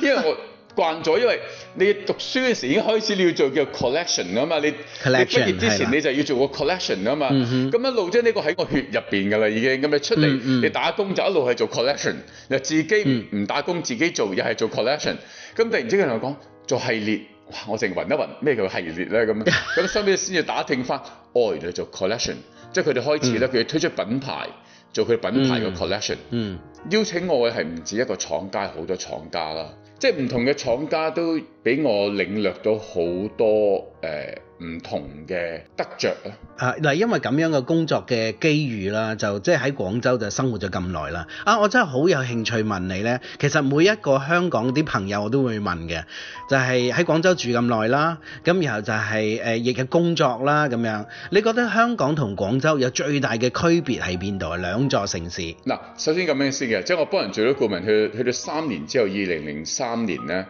[LAUGHS] 因為我。 [LAUGHS] 慣咗，因為你讀書嘅時候已經開始你要做叫做 collection 啊嘛，你、collection，你畢業之前你就要做個 collection 啊嘛。咁、嗯、一路即係呢、這個喺個血入邊㗎啦，已經咁你出嚟，你打工嗯嗯就一路係做 collection，又自己唔唔打工、嗯、自己做又係做 collection。咁突然之間同我講做系列，哇！我淨暈一暈咩叫系列咧咁，咁收尾先要打聽翻，我、哦、原來做 collection，即係佢哋開始咧，佢、嗯、推出品牌做佢品牌嘅 collection、嗯。邀請我嘅係唔止一個廠家，好多廠家啦。即係唔同嘅廠家都俾我領略到好多誒。呃唔同嘅得着，咧啊！嗱，因為咁樣嘅工作嘅機遇啦，就即係喺廣州就生活咗咁耐啦。啊，我真係好有興趣問你咧，其實每一個香港啲朋友我都會問嘅，就係喺廣州住咁耐啦，咁然後就係誒亦嘅工作啦咁樣。你覺得香港同廣州有最大嘅區別喺邊度啊？兩座城市嗱，首先咁樣先嘅，即係我幫人做咗顧問，去去到三年之後，二零零三年咧。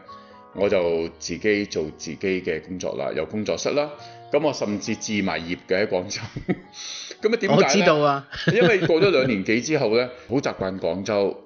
我就自己做自己嘅工作啦，有工作室啦。咁我甚至置埋業嘅喺廣州。咁啊點解？我知道啊，因為過咗兩年幾之後咧，好 [LAUGHS] 習慣廣州。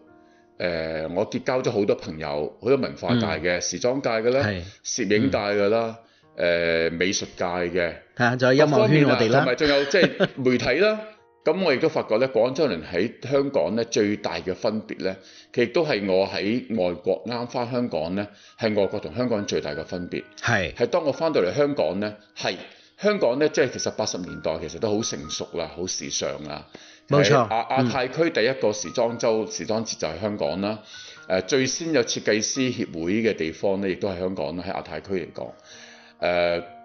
誒、呃，我結交咗好多朋友，好多文化界嘅、嗯、時裝界嘅啦、攝影界嘅啦、嗯呃、美術界嘅。嚇！仲有音樂圈我哋啦，同埋仲有即係媒體啦。 [LAUGHS] 咁我亦都發覺咧，廣州人喺香港咧最大嘅分別咧，其實都係我喺外國啱翻香港咧，係外國同香港人最大嘅分別。係，係當我翻到嚟香港咧，係香港咧，即係其實八十年代其實都好成熟啦，好時尚啦。冇錯，亞亞太區第一個時裝週、嗯、時裝節就係香港啦。誒、呃，最先有設計師協會嘅地方咧，亦都係香港啦，喺亞太區嚟講。誒、呃。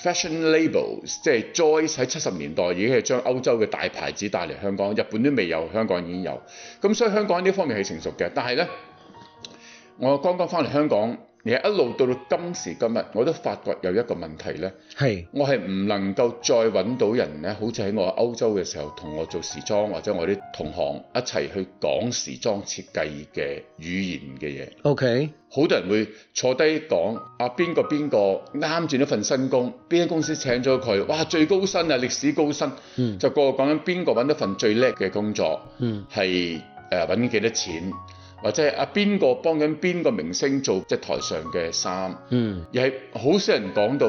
fashion labels 即係 Joyce 喺七十年代已經係將歐洲嘅大牌子帶嚟香港，日本都未有，香港已經有，咁所以香港喺呢方面係成熟嘅。但係咧，我剛剛翻嚟香港。你一路到到今時今日，我都發覺有一個問題咧，係我係唔能夠再揾到人咧，好似喺我歐洲嘅時候同我做時裝，或者我啲同行一齊去講時裝設計嘅語言嘅嘢。OK，好多人會坐低講，啊邊個邊個啱轉咗份新工，邊間公司請咗佢，哇最高薪啊，歷史高薪，嗯、就個個講緊邊個揾到份最叻嘅工作，係誒揾幾多錢。或者係阿邊個幫緊邊個明星做即係台上嘅衫，嗯，又係好少人講到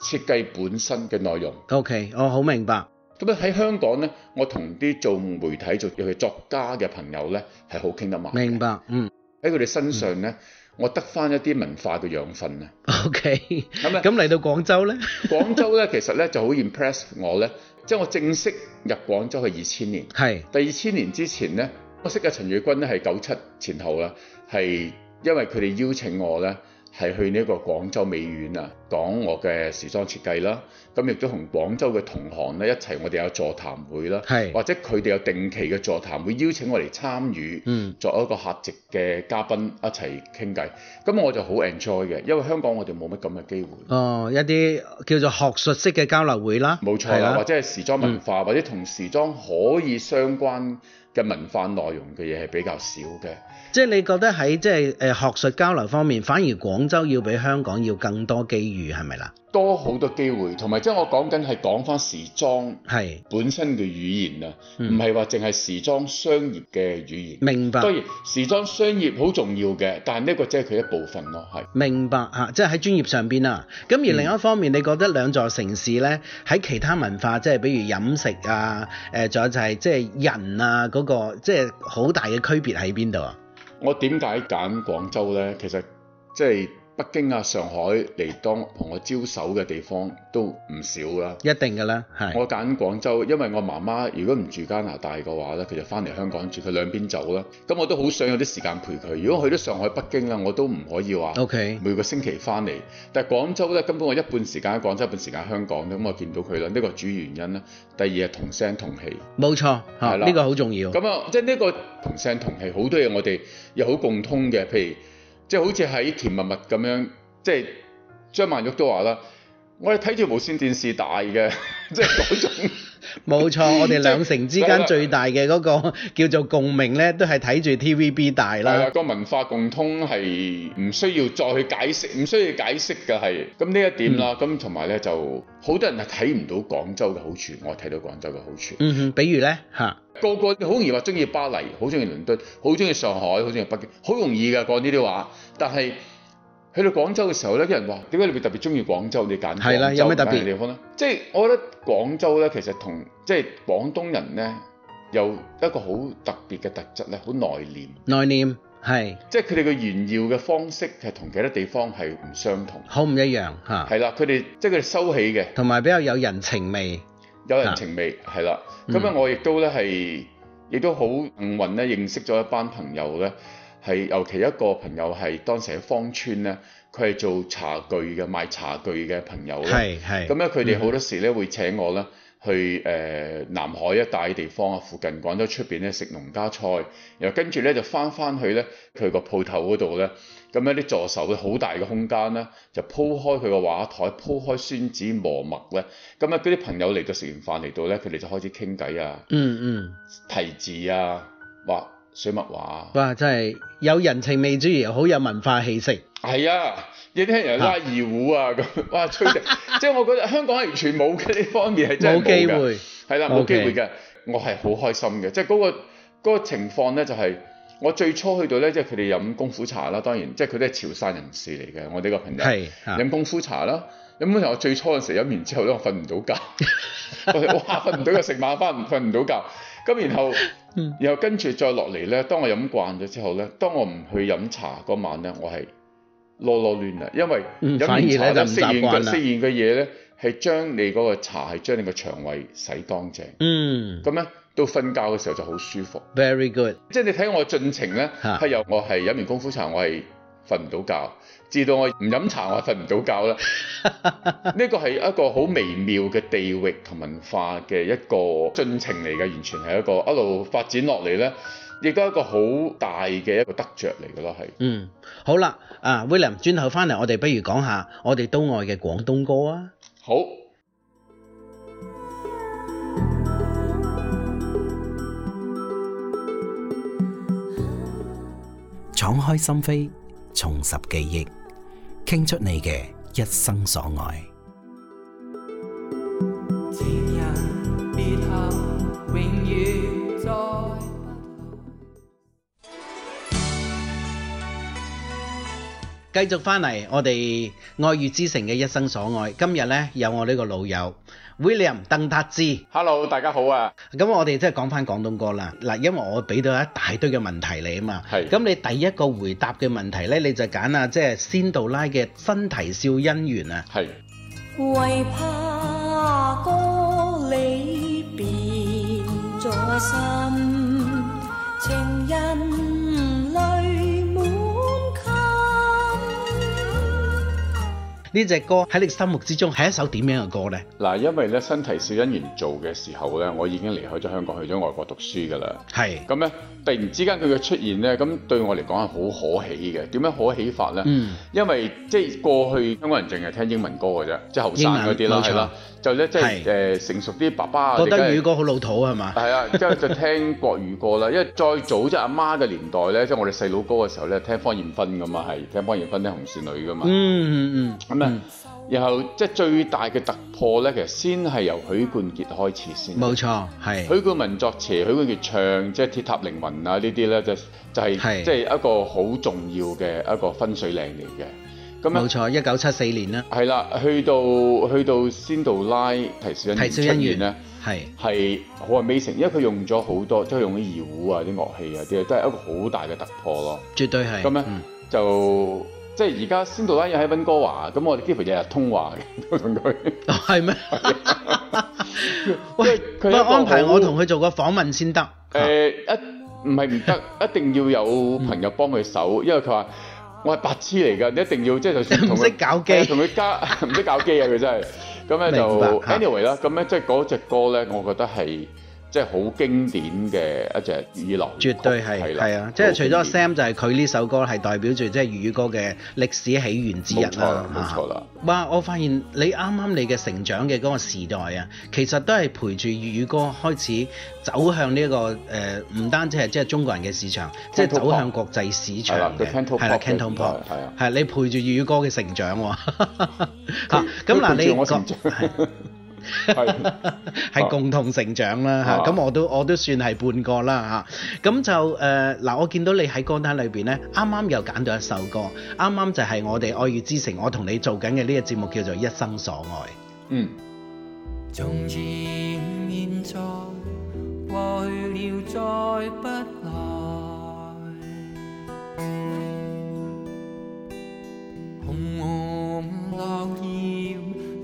設計本身嘅內容。O K，我好明白。咁啊，喺香港咧，我同啲做媒體做，尤其作家嘅朋友咧係好傾得埋。明白，嗯。喺佢哋身上咧、嗯，我得返一啲文化嘅養分啊。OK。咁啊，咁嚟到廣州咧？ [LAUGHS] 廣州咧，其實咧就好 impress 我咧，即係我正式入廣州係二千年。係。第二千年之前咧。我識嘅陳月君咧，係九七前後啦，係因為佢哋邀請我咧，係去呢個廣州美院啊，講我嘅時裝設計啦。咁亦都同廣州嘅同行咧一齊，我哋有座談會啦，或者佢哋有定期嘅座談會，邀請我嚟參與，作、嗯、為一個客席嘅嘉賓一齊傾偈。咁我就好 enjoy 嘅，因為香港我哋冇乜咁嘅機會。哦，一啲叫做學術式嘅交流會啦，冇錯啦，或者係時裝文化、嗯、或者同時裝可以相關。嘅文化內容嘅嘢係比較少嘅。即係你覺得喺即係誒學術交流方面，反而廣州要比香港要更多機遇係咪啦？多好多機會，同埋即係我講緊係講翻時裝係本身嘅語言啊，唔係話淨係時裝商業嘅語言。明白。當然時裝商業好重要嘅，但係呢個即係佢一部分咯，係。明白啊，即係喺專業上邊啊。咁而另一方面，嗯、你覺得兩座城市咧喺其他文化，即係比如飲食啊，誒、呃，仲有就係、是、即係人啊嗰、那個，即係好大嘅區別喺邊度啊？我點解揀廣州咧？其實即係，就是北京啊、上海嚟當同我招手嘅地方都唔少啦，一定嘅啦，係。我揀廣州，因為我媽媽如果唔住加拿大嘅話咧，佢就翻嚟香港住，佢兩邊走啦。咁我都好想有啲時間陪佢。如果去咗上海、北京咧，我都唔可以話。O K。每個星期翻嚟，okay。但係廣州咧，根本我一半時間喺廣州，一半時間喺香港，咁我見到佢啦。呢個主要原因啦。第二係同聲同氣。冇錯，嚇，呢個好重要。咁、嗯、啊，即係呢個同聲同氣，好多嘢我哋又好共通嘅，譬如。即係好似喺甜蜜蜜咁樣，即係張曼玉都話啦。我哋睇住無線電視大嘅，即係嗰種。冇 [LAUGHS] 錯沒錯、 [LAUGHS] 就是，我哋兩城之間最大嘅嗰個叫做共鳴咧，都係睇住 T V B 大啦。這個文化共通係唔需要再去解釋，唔需要解釋嘅係咁呢一點啦。咁同埋咧就，好多人係睇唔到廣州嘅好處，我睇到廣州嘅好處。嗯哼，比如咧嚇，個個好容易話中意巴黎，好中意倫敦，好中意上海，好中意北京，好容易㗎講呢啲話，但係。去到廣州嘅時候咧，啲人話點解你會特別中意廣州？你揀係啦，有咩特別嘅地方咧，即係我覺得廣州咧，其實同即係廣東人咧，有一個好特別嘅特質咧，好內斂。內斂係。即係佢哋嘅炫耀嘅方式係同其他地方係唔相同。好唔一樣嚇。係啦，佢哋即係佢哋收起嘅，同埋比較有人情味。啊，有人情味係啦，咁樣我亦都咧係，亦都好幸運咧，認識咗一班朋友咧。係，尤其一個朋友係當時喺芳村咧，佢係做茶具嘅，賣茶具嘅朋友。係咁咧，佢哋好多時咧會請我咧去誒、呃、南海一帶地方啊，附近廣州出邊咧食農家菜，然後跟住咧就翻翻去咧佢個鋪頭嗰度咧，咁咧啲助手咧好大嘅空間咧，就鋪開佢個畫台，鋪開宣紙磨墨咧，咁咧嗰啲朋友嚟到食完飯嚟到咧，佢哋就開始傾偈啊，嗯嗯，題字啊，畫。水墨畫，哇！真係有人情味之餘，又好有文化氣息。係啊，有啲人、啊、拉二胡啊咁，哇！吹 [LAUGHS] 即係我覺得香港係完全冇嘅呢方面係真係冇機會嘅。係啦，冇、okay. 機會嘅。我係好開心嘅，即係、那、嗰、個那個情況咧，就係、是、我最初去到咧，即係佢哋飲功夫茶啦。當然，即係佢哋係潮汕人士嚟嘅，我呢個朋友。係飲功夫茶啦，飲嗰時候我最初嗰時飲完之後咧，我瞓唔到覺。 [LAUGHS] 我話，哇！瞓唔到覺，食晚飯瞓唔到覺。 [LAUGHS] 咁 [LAUGHS] 然後，然後跟住再落嚟咧。當我飲慣咗之後咧，當我唔去飲茶嗰晚咧，我係囉囉攣啦。因為飲、嗯、茶適應嘅食完嘅嘢咧，係將你嗰個茶係將你個腸胃洗乾淨。嗯，咁咧到瞓覺嘅時候就好舒服。Very good 即。即係你睇我進程咧，係由我係飲完功夫茶，我係瞓唔到覺。至到我唔飲茶，我瞓唔到覺啦。呢個係一個好微妙嘅地域同文化嘅一個進程嚟嘅，完全係一個一路發展落嚟咧，亦都係一個好大嘅一個得著嚟嘅咯，係。嗯，好啦，啊 William，轉頭翻嚟，我哋不如講下我哋都愛嘅廣東歌啊。好，敞開心扉。重拾記憶，傾出你嘅一生所愛。繼續翻嚟，我哋愛粵之城嘅一生所愛，今日呢，有我呢個老友，William 鄧達智，Hello，大家好啊！咁我哋即係講翻廣東歌啦。嗱，因為我俾到一大堆嘅問題你啊嘛，咁你第一個回答嘅問題咧，你就揀啊，即係仙杜拉嘅《新啼笑姻緣》啊。係。為怕哥你變咗呢隻歌喺你心目之中係一首點樣嘅歌呢？嗱，因為咧《新提小欣緣》做嘅時候咧，我已經離開咗香港去咗外國讀書噶啦。係。咁咧，突然之間佢嘅出現呢，咁對我嚟講係好可喜嘅。點樣可喜法咧、嗯？因為即係過去香港人淨係聽英文歌㗎啫，即係後生嗰啲啦，係啦。就咧即係誒成熟啲爸爸覺得粵歌好老土係嘛？係啊，之後就聽國語歌啦。 [LAUGHS] 因為再早即係阿媽嘅年代咧，即係我哋細佬哥嘅時候咧，聽芳艷芬㗎嘛，係聽芳艷芬啲紅線女㗎嘛。嗯嗯嗯。咁啊，然後即係最大嘅突破咧，其實先係由許冠傑開始先。冇錯，係。許冠文作詞，許冠傑唱，即係《鐵塔凌雲》啊呢啲咧，就就係即係一個好重要嘅一個分水嶺嚟嘅。冇錯，一九七四年啦，係啦，去到去到仙杜拉啼笑因緣呢，啼笑因緣咧，係係，好話未成，因為佢用咗好多，即係用啲二胡啊，啲樂器啊，啲嘢，都係一個好大嘅突破咯，絕對係。咁咧就、嗯、就即係而家仙杜拉又喺溫哥華，咁我哋幾乎日日通話嘅，都同佢。係 [LAUGHS] 咩 [LAUGHS] 喂，佢安排我同佢做個訪問先得。誒、呃，一唔係唔得， [LAUGHS] 一定要有朋友幫佢手、嗯，因為佢話。我係白痴嚟㗎，你一定要即係，就係、就算唔同佢，同佢加唔識搞基啊！佢、 [LAUGHS] 啊、真係，咁咧就 anyway 啦。咁咧即係嗰隻歌咧，我覺得係。即係好經典嘅一隻粵語樂，絕對係係啊！即係除咗 Sam，就係佢呢首歌係代表住即係粵語歌嘅歷史起源之一。啦。冇錯啦，冇錯啦，哇！我發現你啱啱你嘅成長嘅嗰個時代啊，其實都係陪住粵語歌開始走向呢、這、一個唔、呃、單止係即係中國人嘅市場，即係走向國際市場嘅。係啦，Canton pop，係啊，係你陪住粵語歌嘅成長喎、哦。咁 [LAUGHS] 嗱，你講。嗯 [LAUGHS] 係，係共同成長啦嚇，咁我都我都算係半個啦嚇，咁就誒嗱，我見到你喺歌單裏邊呢，啱啱又揀咗一首歌，啱啱就係我哋愛粵之城，我同你做緊嘅呢個節目叫做一生所愛。嗯。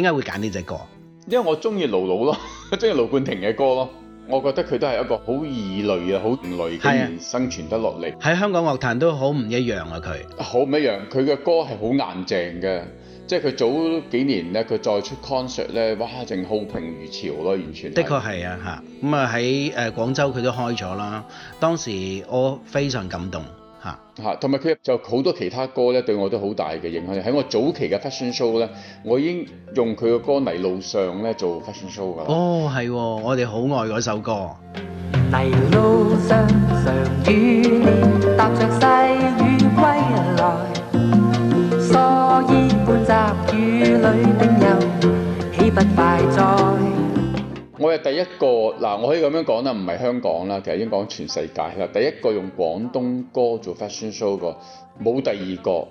點解會揀呢隻歌？因為我中意盧盧咯，中意盧冠廷嘅歌咯。我覺得佢都係一個好異類啊，好異類嘅人竟然生存得落嚟喺香港樂壇都好唔一樣啊！佢好唔一樣，佢嘅歌係好硬淨嘅，即係佢早幾年咧，佢再出 concert 咧，哇，正好評如潮咯，完全是的確係啊，吓咁啊喺誒廣州佢都開咗啦。當時我非常感動。啊，同埋佢就好多其他歌咧，對我都好大嘅影響。喺我早期嘅 fashion show 咧，我已經用佢嘅歌泥路上咧做 fashion show 噶啦。哦，係、哦，我哋好愛嗰首歌。泥我係第一個嗱，我可以咁樣講啦，唔係香港啦，其實已經講全世界啦。第一個用廣東歌做 fashion show 個，冇第二個，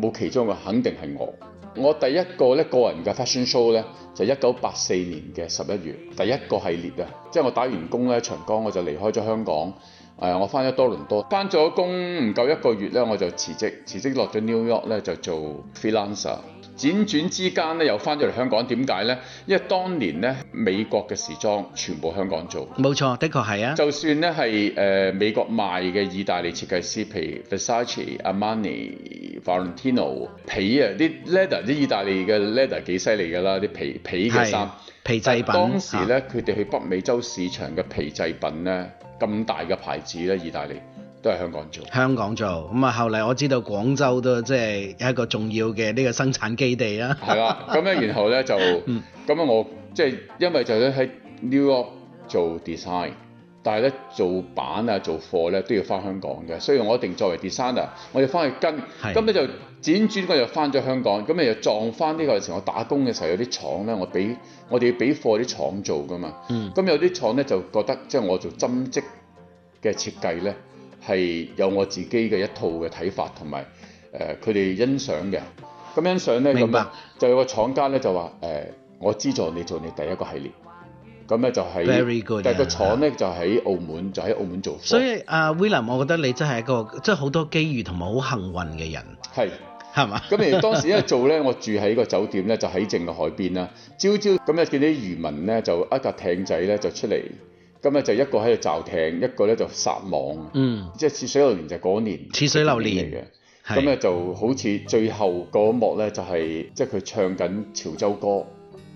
冇其中個，肯定係我。我第一個咧個人嘅 fashion show 咧，就一九八四年嘅十一月，第一個系列咧，即係我打完工咧，長江我就離開咗香港，誒，我翻咗多倫多，翻咗工唔夠一個月咧，我就辭職，辭職落咗 New York 咧就做 freelancer。輾轉之間咧，又翻咗嚟香港。點解咧？因為當年咧，美國嘅時裝全部香港做。冇錯，的確係啊。就算咧係、呃、美國賣嘅意大利設計師，譬如 Versace、Armani、Valentino 皮啊，啲 leather 啲意大利嘅 leather 幾犀利㗎啦，啲皮皮嘅衫皮製品。當時咧，佢、啊、哋去北美洲市場嘅皮製品咧，咁大嘅牌子咧，意大利。都喺香，香港做，香港做咁啊。後嚟我知道廣州都即係一個重要嘅呢個生產基地啦， [LAUGHS] 係啦。咁樣然後咧就咁樣， [LAUGHS] 嗯、我即係、就是、因為就咧喺 New York 做 design，但係咧做板啊、做貨咧都要翻香港嘅，所以我一定作為 designer，我哋翻去跟。咁咧就輾轉，我就翻咗香港，咁你又撞翻呢個時候我打工嘅時候有啲廠咧，我俾我哋要俾貨啲廠做噶嘛。咁、嗯、有啲廠咧就覺得即係、就是、我做針織嘅設計咧。係有我自己嘅一套嘅睇法同埋誒，佢哋、呃、欣賞嘅。咁、嗯、欣賞咧咁就有個廠家咧就話誒、呃，我資助你做你第一個系列。咁咧就喺但係個廠咧、yeah. 就喺澳門，就喺澳門做。所以阿、uh, William，我覺得你真係一個即係好多機遇同埋好幸運嘅人。係係嘛？咁而當時一做咧，我住喺個酒店咧，就喺正嘅海邊啦。朝朝咁就見啲漁民咧，就一架艇仔咧就出嚟。咁咧就一個喺度罩艇，一個咧就撒網。嗯，即係似水流年就嗰年。似水流年嚟嘅，咁咧就好似最後嗰幕咧就係，即係佢唱緊潮州歌。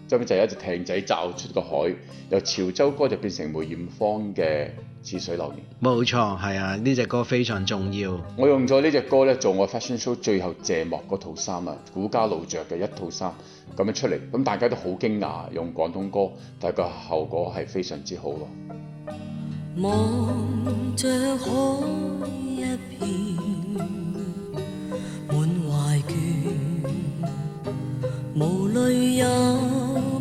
周邊咁就有，是，一隻艇仔棹出個海，由潮州歌就變成梅艷芳嘅《似水流年》。冇錯，係啊！呢隻歌非常重要。我用咗呢隻歌咧做我的 fashion show 最後謝幕嗰套衫啊，古家老着嘅一套衫咁樣出嚟，咁大家都好驚訝，用廣東歌，但個效果係非常之好咯。望着海一片，滿懷倦，無淚有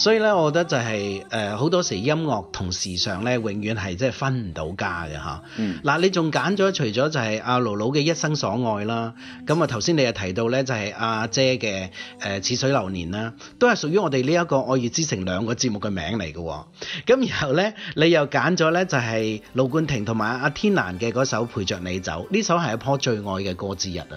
所以咧，我覺得就係誒好多時音樂同時尚咧，永遠係即係分唔到家嘅嚇。嗱、嗯啊，你仲揀咗除咗就係阿露露嘅一生所愛啦。咁啊，頭先你又提到咧，就係、是、阿、啊、姐嘅誒、呃、似水流年啦，都係屬於我哋呢一個愛粵之城兩個節目嘅名嚟嘅。咁然後咧，你又揀咗咧就係盧冠廷同埋阿天蘭嘅嗰首陪着你走，呢首係一樖最愛嘅歌之一啊。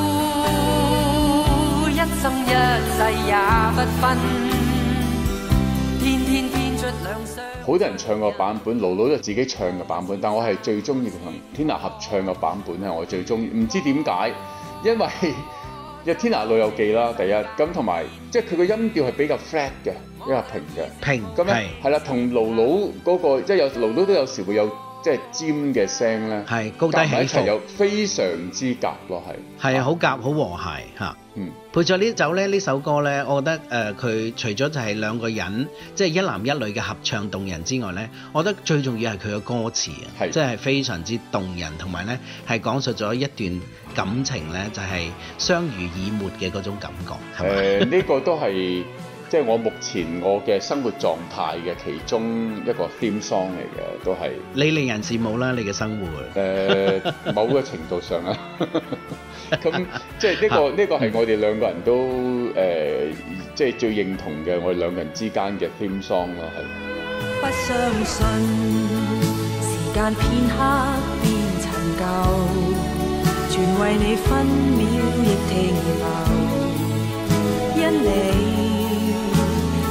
好多人唱個版本，露露就自己唱嘅版本，但我係最中意同天 i 合唱嘅版本咧，我最中意。唔知點解，因為一天 i 老友旅記啦，第一咁，同埋即係佢個音調係比較 flat 嘅，因較平嘅平咁係係啦，同露露嗰個即係有露露都有時會有。即係尖嘅聲咧，係高低起伏，起有非常之夾落係。係啊，好夾，好和諧吓、啊，嗯，陪著你走咧，呢首歌咧，我覺得佢、呃、除咗就係兩個人，即、就、係、是、一男一女嘅合唱動人之外咧，我覺得最重要係佢嘅歌詞啊，係、就是、非常之動人，同埋咧係講述咗一段感情咧，就係、是、相濡以沫嘅嗰種感覺。呢、呃這個都係。 [LAUGHS] 即係我目前我嘅生活狀態嘅其中一個 theme song 嚟嘅，都係你令人羨慕啦，你嘅生活的。誒、 [LAUGHS] 呃，某個程度上、 [LAUGHS] [LAUGHS] 這個、啊，咁即係呢個呢個係我哋兩個人都誒、呃，即係最認同嘅我哋兩人之間嘅 theme song 咯，係。不相信時間片刻變陳舊，全為你分秒亦停留，因你。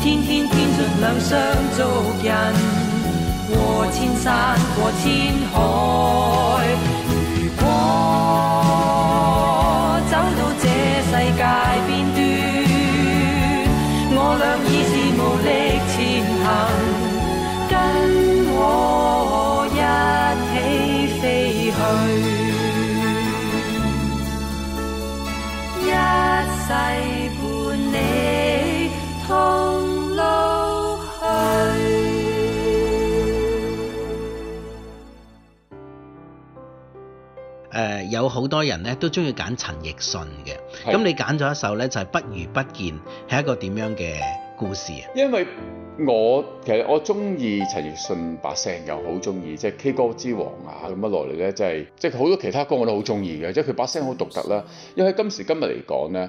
天天天編出兩雙足印，過千山，過千海。有好多人咧都中意揀陳奕迅嘅，咁、啊、你揀咗一首咧就係、是《不如不見》，係一個點樣嘅故事啊？因為我其實我中意陳奕迅把聲又好中意，即係、就是、K 歌之王啊咁樣落嚟咧，即係即係好多其他歌我都好中意嘅，即係佢把聲好獨特啦。因為喺今時今日嚟講咧。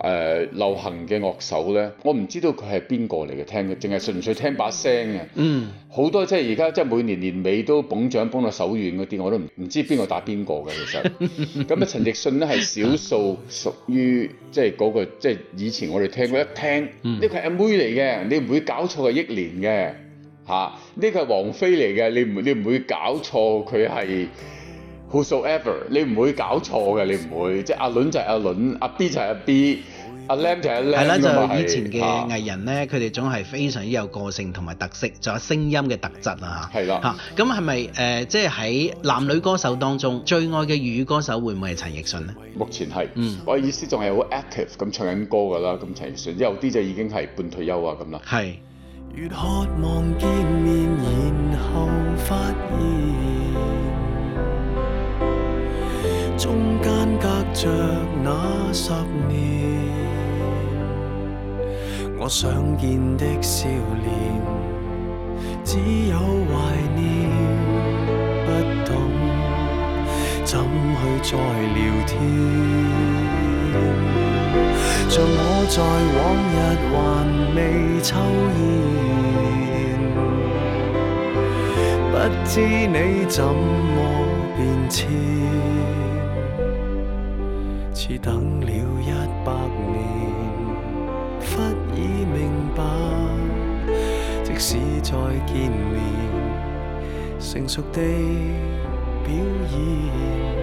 誒、呃、流行嘅樂手咧，我唔知道佢係邊個嚟嘅，聽嘅淨係純粹聽把聲嘅。嗯、mm.，好多即係而家即係每年年尾都捧獎捧到手軟嗰啲，我都唔唔知邊個打邊個嘅其實。咁啊，陳奕迅咧係少數屬於即係嗰個即係、就是、以前我哋聽過一聽，呢、mm. 個係阿妹嚟嘅，你唔會搞錯係憶蓮嘅嚇。呢、啊這個係王菲嚟嘅，你唔你唔會搞錯佢係 w h o e v e r 你唔會搞錯嘅，你唔會。即、就、係、是、阿倫就係阿倫，阿 B 就係阿 B。阿 lem 就阿 lem 咁啊，係啦，就以前嘅藝人呢，佢哋總係非常之有個性同埋特色，仲有聲音嘅特質啊，嚇嚇咁係咪誒？即係喺男女歌手當中，最愛嘅粵語歌手會唔會係陳奕迅呢？目前係嗯，我意思仲係好 active 咁唱緊歌㗎啦。咁陳奕迅有啲就已經係半退休啊，咁啦。係。我想見的笑臉，只有懷念。不懂怎去再聊天，像我在往日還未抽煙，不知你怎麼變遷，似等了一百。已明白，即使再見面，成熟地表演。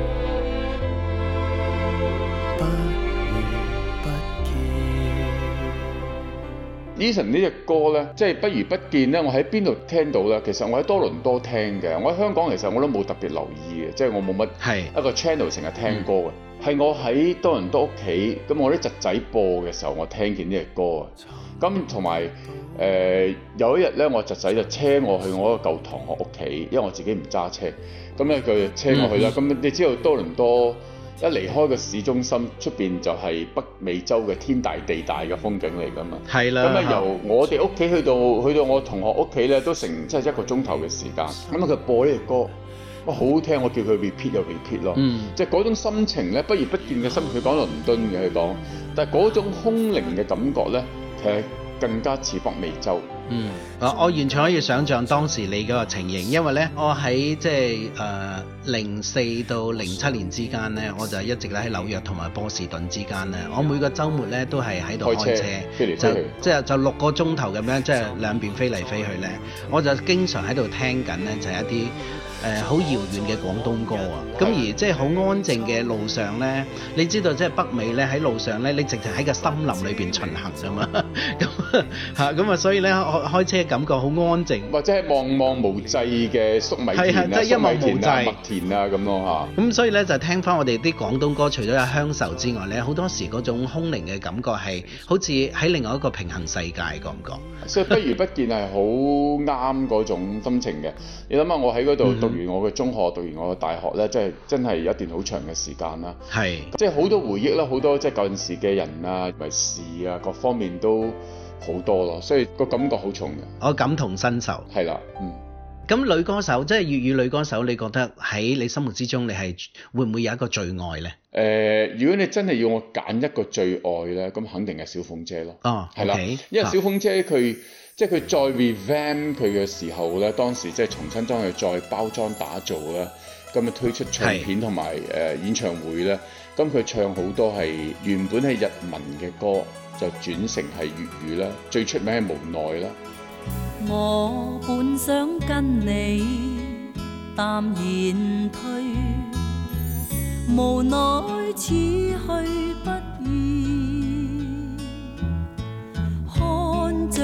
Eason 呢隻歌呢，即係不如不見呢。我喺邊度聽到呢？其實我喺多倫多聽嘅，我喺香港其實我都冇特別留意嘅，即係我冇乜一個 channel 成日聽歌嘅。係、嗯、我喺多倫多屋企，咁我啲侄仔播嘅時候，我聽見呢隻歌嘅。咁同埋誒有一日呢，我侄仔就車我去我一個舊同學屋企，因為我自己唔揸車，咁咧佢就車我去啦。咁、嗯、你知道多倫多？一離開個市中心，出邊就係北美洲嘅天大地大嘅風景嚟㗎嘛。係啦。咁、嗯、啊、嗯、由我哋屋企去到去到我同學屋企咧，都成即係一個鐘頭嘅時間。咁啊佢播呢隻歌，我好好聽，我叫佢 repeat 又 repeat 咯。嗯。即係嗰種心情咧，不如不見嘅心情。佢講倫敦嘅佢講，但係嗰種空靈嘅感覺咧，其實～更加似鶩美洲。嗯，嗱，我完全可以想象當時你嗰個情形，因為呢，我喺即係誒零四到零七年之間呢，我就一直咧喺紐約同埋波士頓之間咧，我每個週末呢，都係喺度開車，飛即係就六個鐘頭咁樣，即係兩邊飛嚟飛去呢。我就經常喺度聽緊呢，就係一啲，誒好遙遠嘅廣東歌啊，咁、嗯、而即係好安靜嘅路上咧，你知道即係北美咧喺路上咧，你直情喺個森林裏邊巡行咁嘛。咁嚇咁啊，所以咧開開車感覺好安靜，或者係望望無際嘅粟米即係啊，一望無際田啊，麥、啊就係、田啊咁咯嚇，咁、嗯嗯、所以咧就聽翻我哋啲廣東歌，除咗有鄉愁之外咧，好多時嗰種空靈嘅感覺係好似喺另外一個平衡世界嘅感覺，覺唔覺？所以不如不見係好啱嗰種心情嘅， [LAUGHS] 你諗下我喺嗰度我嘅中學讀完我嘅大學咧，即係真係一段好長嘅時間啦。係，即係好多回憶啦，好多即係舊陣時嘅人啊、同埋事啊，各方面都好多咯，所以個感覺好重嘅。我感同身受。係啦，嗯。咁女歌手即係粵語女歌手，你覺得喺你心目之中，你係會唔會有一個最愛咧？誒、呃，如果你真係要我揀一個最愛咧，咁肯定係小鳳姐咯。哦、oh，係啦，因為小鳳姐佢。Oh. 即係佢再 revamp 佢嘅時候咧，當時即係重新將佢再包裝打造咧，咁咪推出唱片同埋誒演唱會咧。咁佢唱好多係原本係日文嘅歌，就轉成係粵語啦。最出名係無奈啦。我本想跟你淡然退，無奈此去不。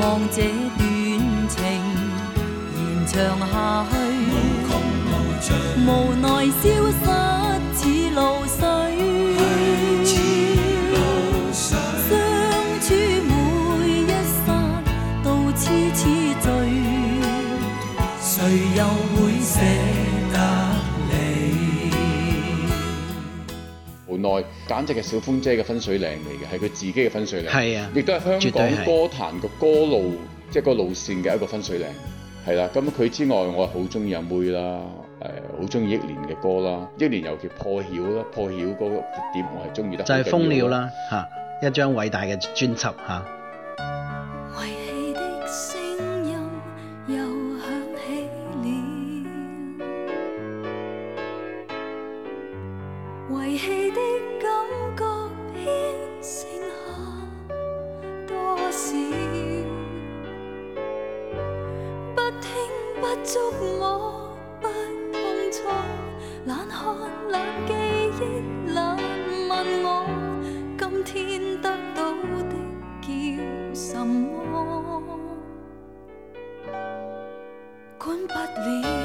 望這段情延長下去，無，無，無奈消失似露，似露水。相處每一剎都痴痴醉，誰又會捨得你？無奈。簡直係小鳳姐嘅分水嶺嚟嘅，係佢自己嘅分水嶺，亦都係香港歌壇個歌路即係、就是、個路線嘅一個分水嶺，係啦、啊。咁佢之外，我好中意阿妹啦，誒好中意憶蓮嘅歌啦，憶蓮尤其破曉啦，破曉嗰個碟我係中意得，就係《風、啊、鳥》啦，嚇一張偉大嘅專輯嚇。遺棄的聲音又響起了，不聽，不觸我不碰觸，冷看，冷記憶，冷問我，今天得到的叫什麼？管不了。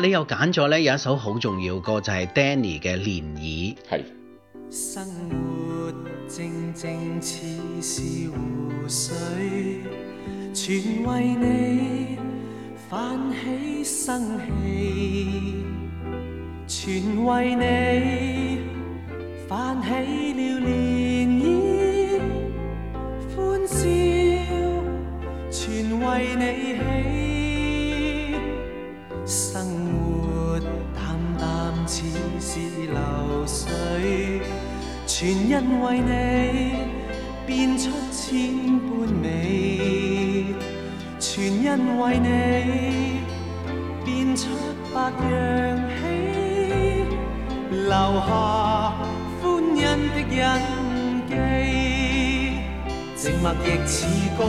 你又揀咗咧，有一首好重要歌就係 Danny 嘅《漣漪》。係生活靜靜似是湖水，全為你泛起生氣，全為你泛起了漣漪。因為你變出千般美，全因為你變出百樣喜，留下歡欣的印記，靜默亦似歌，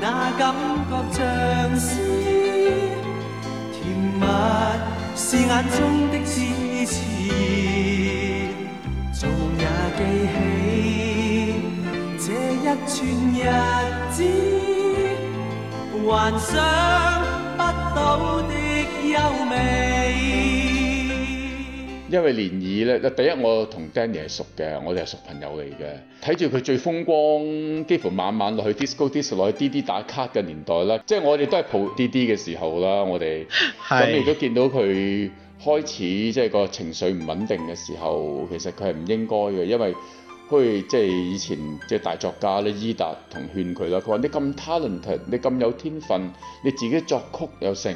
那感覺像詩，甜蜜是眼中的支持。也起，這一串日子幻想不到的美，因為連爾咧，第一我同 Danny 係熟嘅，我哋係熟、熟朋友嚟嘅。睇住佢最風光，幾乎晚晚落去 Disco Disco 落去滴 D 打卡嘅年代啦，即係我哋都係抱滴滴嘅時候啦，我哋咁亦都見到佢。開始即係、就是、個情緒唔穩定嘅時候，其實佢係唔應該嘅，因為佢即係以前即係大作家咧，依達同勸佢啦，佢話你咁 talented，你咁有天分，你自己作曲又成，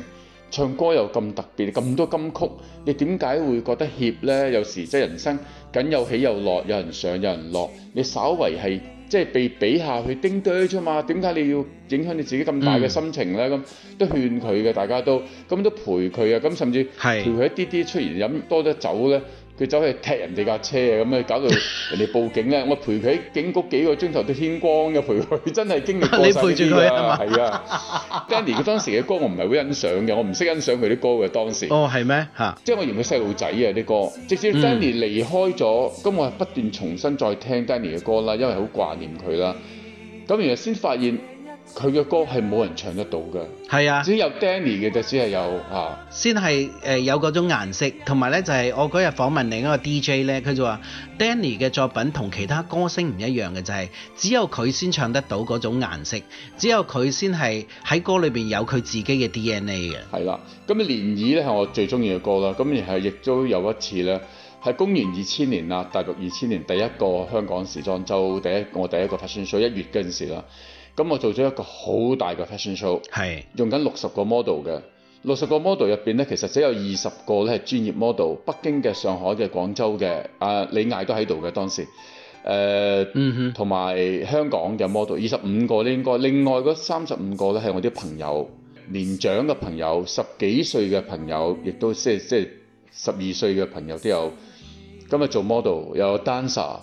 唱歌又咁特別，咁多金曲，你點解會覺得怯呢？有時即係人生，梗有起有落，有人上有人落，你稍為係。即係被比下去叮噥啫嘛，點解你要影響你自己咁大嘅心情咧？咁、嗯、都勸佢嘅，大家都咁都陪佢啊，咁甚至陪佢一啲啲，出嚟飲多咗酒咧。佢走去踢人哋架車啊！咁咧搞到人哋報警咧， [LAUGHS] 我陪佢喺警局幾個鐘頭都天光嘅陪佢，真係經歷過曬呢啲啊！係啊，Danny 佢當時嘅歌我唔係好欣賞嘅，我唔識欣賞佢啲歌嘅當時。哦，係咩？即係我嫌佢細路仔啊啲歌。直至 Danny 離開咗，咁、嗯、我係不斷重新再聽 Danny 嘅歌啦，因為好掛念佢啦。咁然後先發現。佢嘅歌係冇人唱得到嘅，係啊，只有 Danny 嘅就只係有嚇、啊，先係誒有嗰種顏色，同埋咧就係我嗰日訪問另一個 DJ 咧，佢就話 Danny 嘅作品同其他歌星唔一樣嘅，就係、是、只有佢先唱得到嗰種顏色，只有佢先係喺歌裏邊有佢自己嘅 DNA 嘅。係啦、啊，咁連耳漣漪咧係我最中意嘅歌啦，咁然後亦都有一次咧，係公元二千年啦，大陸二千年第一個香港時裝周第一我第一個 fashion show，所一月嗰陣時啦。咁我做咗一個好大嘅 fashion show，係用緊六十個 model 嘅六十個 model 入邊咧，其實只有二十個咧係專業 model，北京嘅、上海嘅、廣州嘅，啊李艾都喺度嘅當時，誒、呃，嗯哼，同埋香港嘅 model 二十五個咧應該，另外嗰三十五個咧係我啲朋友年長嘅朋友，十幾歲嘅朋友，亦都即係即係十二歲嘅朋友都有。今日做 model 有 dancer，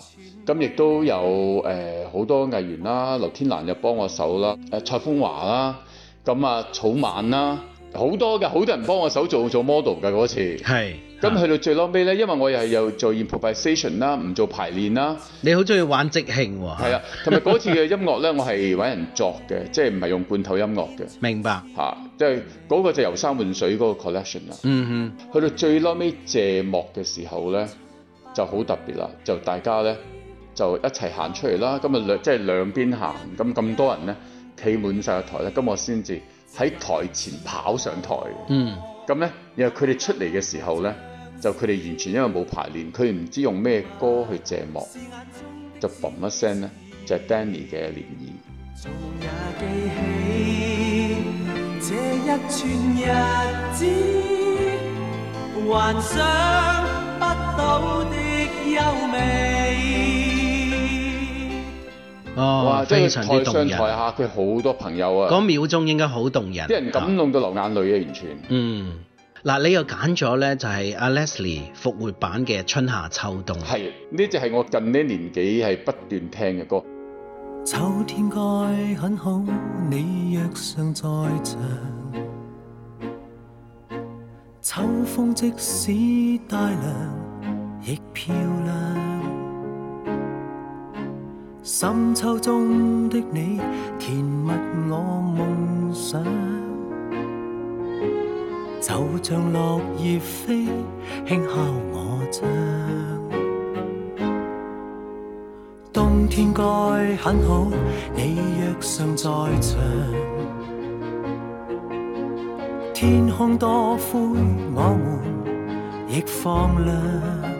咁亦都有誒好、呃、多藝員啦。劉天蘭又幫我手啦，誒、呃、蔡風華啦，咁啊草蜢啦，好多嘅好多人幫我手做做 model 嘅嗰次。係咁、嗯、去到最 last 尾咧，因為我又係又做 improvisation 啦，唔做排練啦。你好中意玩即興喎？係啊，同埋嗰次嘅音樂咧， [LAUGHS] 我係揾人作嘅，即係唔係用罐頭音樂嘅。明白吓，即係嗰個就遊山玩水嗰個 collection 啦。嗯哼，去到最 last 尾謝幕嘅時候咧。就好特別啦，就大家咧就一齊行出嚟啦，咁啊兩即係兩邊行，咁咁多人咧企滿晒個台咧，咁我先至喺台前跑上台，嗯，咁咧因為佢哋出嚟嘅時候咧，就佢哋完全因為冇排練，佢哋唔知用咩歌去謝幕，就嘣一聲咧就係 Danny 嘅《漣漪》，早已記起，這一串日子幻想。到哦、哇，台台，非常之動人！台下佢好多朋友啊，嗰秒鐘應該好動人，啲人感動到流眼淚啊，啊，完全。嗯，嗱，你又揀咗呢，就係阿 Leslie 復活版嘅《春夏秋冬》。係，呢隻係我近呢年紀係不斷聽嘅歌。秋天該很好，你若尚在場。秋風即使帶涼。亦漂亮，深秋中的你，填密我夢想。就像落葉飛，輕敲我窗。冬天該很好，你若尚在場。天空多灰，我們亦放亮。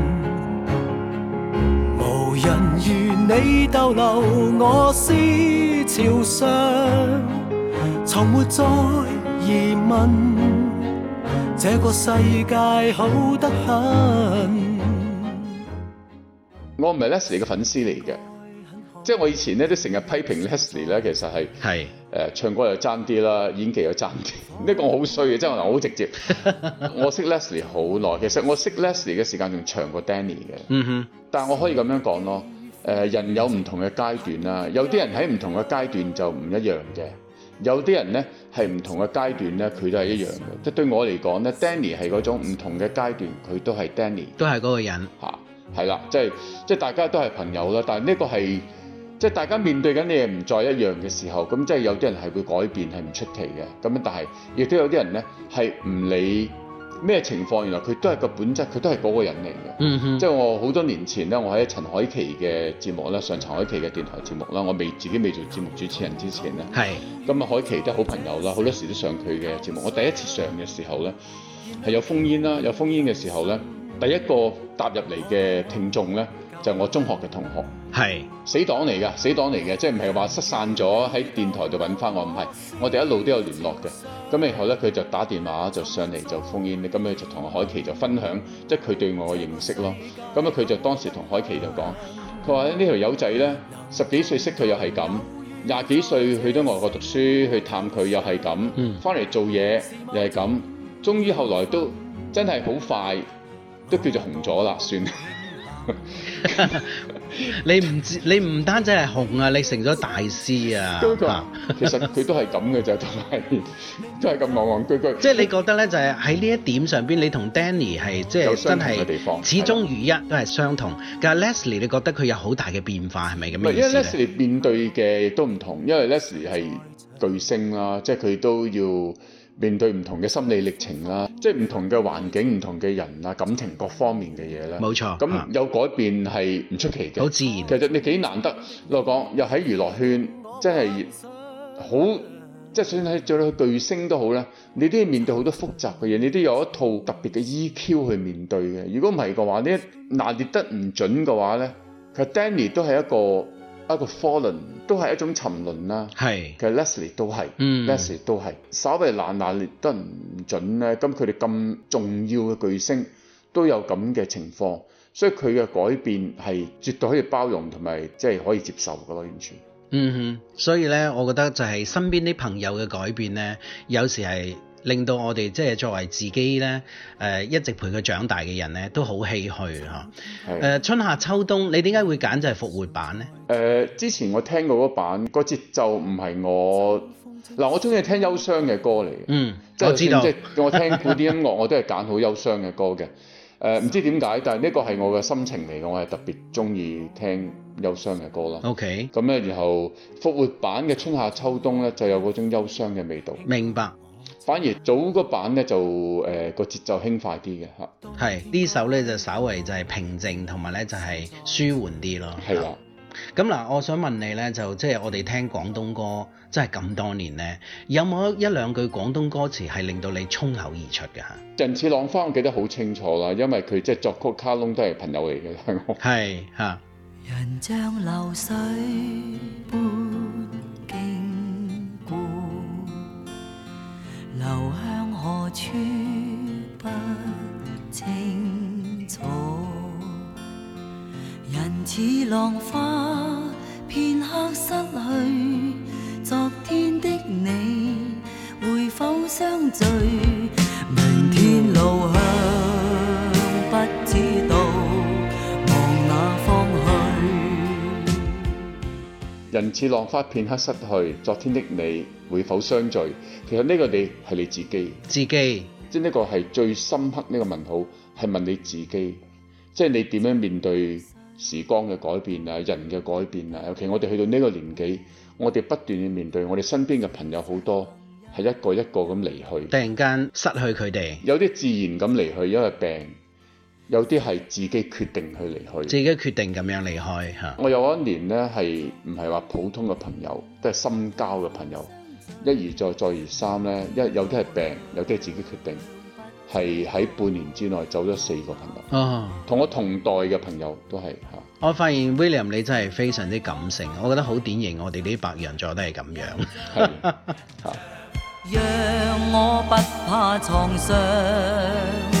你逗留我思潮上，從沒再疑問，這個世界好得很。我唔係 Leslie 嘅粉絲嚟嘅，即係我以前咧都成日批評 Leslie 咧，其實係係誒，唱歌又爭啲啦，演技又爭啲，呢、這個我好衰嘅，即係我好直接。 [LAUGHS] 我識 Leslie 好耐，其實我識 Leslie 嘅時間仲長過 Danny 嘅。嗯哼，但係我可以咁樣講咯。誒、呃、人有唔同嘅階段啦，啊，有啲人喺唔同嘅階段就唔一樣嘅，有啲人呢，係唔同嘅階段呢，佢都係一樣嘅。即對我嚟講呢，Danny 係、嗯、嗰種唔同嘅階段佢都係 Danny，都係嗰個人嚇，係、啊、啦，即係即係大家都係朋友啦，但係呢個係即係大家面對緊你唔再一樣嘅時候，咁即係有啲人係會改變係唔出奇嘅，咁但係亦都有啲人呢，係唔理。咩情況？原來佢都係個本質，佢都係嗰個人嚟嘅。嗯哼。即係我好多年前咧，我喺陳海琪嘅節目咧，上陳海琪嘅電台節目啦。我未自己未做節目主持人之前咧，咁啊海琪都係好朋友啦，好多時都上佢嘅節目。我第一次上嘅時候咧，係有烽煙啦，有烽煙嘅時候咧，第一個踏入嚟嘅聽眾咧。就是、我中學嘅同學係死黨嚟嘅，死黨嚟嘅，即係唔係話失散咗喺電台度揾翻我，唔係，我哋一路都有聯絡嘅。咁然後咧，佢就打電話就上嚟就 phone in，咁樣就同海琪就分享，即係佢對我嘅認識咯。咁啊，佢就當時同海琪就講，佢話、這個、呢條友仔咧，十幾歲識佢又係咁，廿幾歲去咗外國讀書去探佢又係咁，翻、嗯、嚟做嘢又係咁，終於後來都真係好快都叫做紅咗啦，算。 [LAUGHS] [LAUGHS] 你唔知，你唔單止係紅啊，你成咗大師啊。其實佢都係咁嘅啫，都係，真係咁戇戇居居。即係你覺得咧，就係喺呢一點上邊，你同 Danny 係、就是、同 Danny 係即係真係始終如一，都係相同。但係 Leslie，你覺得佢有好大嘅變化係咪咁嘅意思咧？因為 Leslie 面對嘅都唔同，因為 Leslie 係巨星啦，即係佢都要。面對唔同嘅心理歷程啦，即係唔同嘅環境、唔同嘅人啊、感情各方面嘅嘢啦。冇錯，咁有改變係唔出奇嘅，好自然。其實你幾難得，我講又喺娛樂圈，即係好，即係算係做到個巨星都好啦。你都要面對好多複雜嘅嘢，你都有一套特別嘅 EQ 去面對嘅。如果唔係嘅話，呢拿捏得唔準嘅話咧，其實 Danny 都係一個。包括 fallen 都係一種沉淪啦，係其實 Leslie 都係、嗯、Leslie 都係，稍微爛爛劣得唔準咧，咁佢哋咁重要嘅巨星、嗯、都有咁嘅情況，所以佢嘅改變係絕對可以包容同埋即係可以接受嘅咯，完全。嗯哼，所以咧，我覺得就係身邊啲朋友嘅改變咧，有時係。令到我哋即係作為自己咧、呃，一直陪佢長大嘅人咧，都好唏噓吓、呃、春夏秋冬，你點解會揀就係復活版咧、呃？之前我聽過嗰版，嗰節奏唔係我嗱、呃，我中意聽憂傷嘅歌嚟嘅。嗯，即係，我知道。即係 [LAUGHS] 我聽古典音樂我都係揀好憂傷嘅歌嘅。誒、呃、唔知點解，但係呢個係我嘅心情嚟，我係特別中意聽憂傷嘅歌咯。O K。咁咧，然後復活版嘅春夏秋冬咧，就有嗰種憂傷嘅味道。明白。反而早個版咧就誒個、呃、節奏輕快啲嘅嚇，係呢首咧就稍微就係平靜同埋咧就係舒緩啲咯，係咯。咁嗱、啊，我想問你咧就即係、就是、我哋聽廣東歌真係咁多年咧，有冇一兩句廣東歌詞係令到你衝口而出嘅嚇？人似浪花，我記得好清楚啦，因為佢即係作曲卡窿都係朋友嚟嘅，係嚇。流向何處不清楚，人似浪花，片刻失去。昨天的你，會否相聚？明天路向。人似浪花片刻失去，昨天的你，會否相聚？其實呢個你係你自己，自己即係呢個係最深刻呢個問號，係問你自己，即係你點樣面對時光嘅改變啊，人嘅改變啊。尤其我哋去到呢個年紀，我哋不斷要面對我哋身邊嘅朋友好多係一個一個咁離去，突然間失去佢哋，有啲自然咁離去，因為病。有啲係自己決定去離開，自己決定咁樣離開嚇。我有一年咧係唔係話普通嘅朋友，都係深交嘅朋友，一而再再而三咧，一有啲係病，有啲係自己決定，係喺半年之內走咗四個朋友。啊、哦，同我同代嘅朋友都係嚇。我發現 William 你真係非常之感性，我覺得好典型，我哋呢啲白羊座都係咁樣。 [LAUGHS]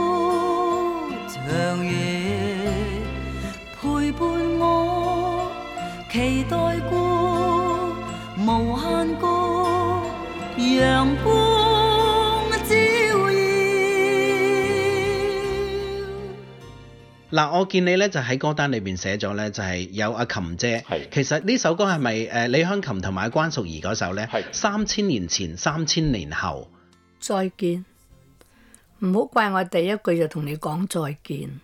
嗱、啊，我見你咧就喺歌單裏邊寫咗咧，就係、是、有阿琴姐。係其實呢首歌係咪誒李香琴同埋關淑怡嗰首咧？係三千年前，三千年後再見，唔好怪我第一句就同你講再見，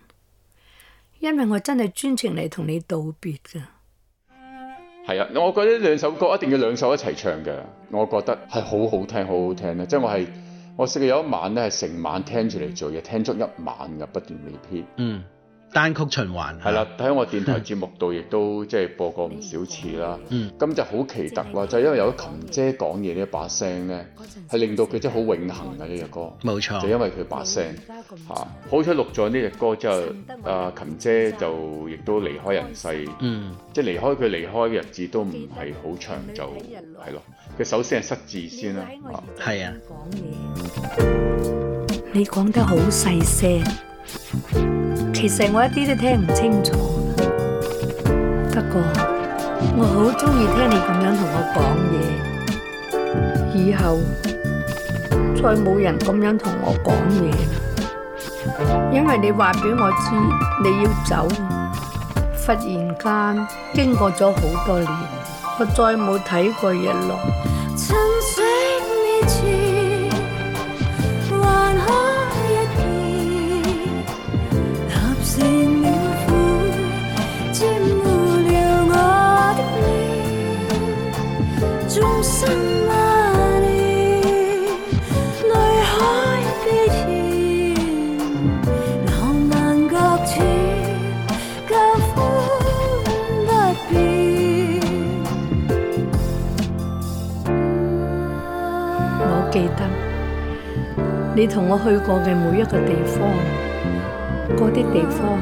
因為我真係專程嚟同你道別噶。係啊，我覺得兩首歌一定要兩首一齊唱嘅，我覺得係好好聽，好好聽嘅。即、就、係、是、我係我識，有一晚咧係成晚聽住嚟做嘢，聽足一晚噶，不斷 repeat。嗯。單曲循環係啦，喺我電台節目度亦都即係播過唔少次啦。 [LAUGHS] 嗯，咁就好奇特啦、就是，就因為有琴姐講嘢呢把聲咧，係令到佢真係好永恆嘅呢隻歌。冇、啊、錯，就因為佢把聲嚇。好彩錄咗呢隻歌之後，阿琴姐就亦都離開人世。嗯，即係離開佢離開嘅日子都唔係好長就係咯。佢首先係失智先啦。係啊，嘢。你講得好細聲。其實我一啲都聽唔清楚，不過我好中意聽你咁樣同我講嘢。以後再冇人咁樣同我講嘢，因為你話俾我知你要走。忽然間經過咗好多年，我再冇睇過日落。春春你同我去過嘅每一個地方，嗰啲地方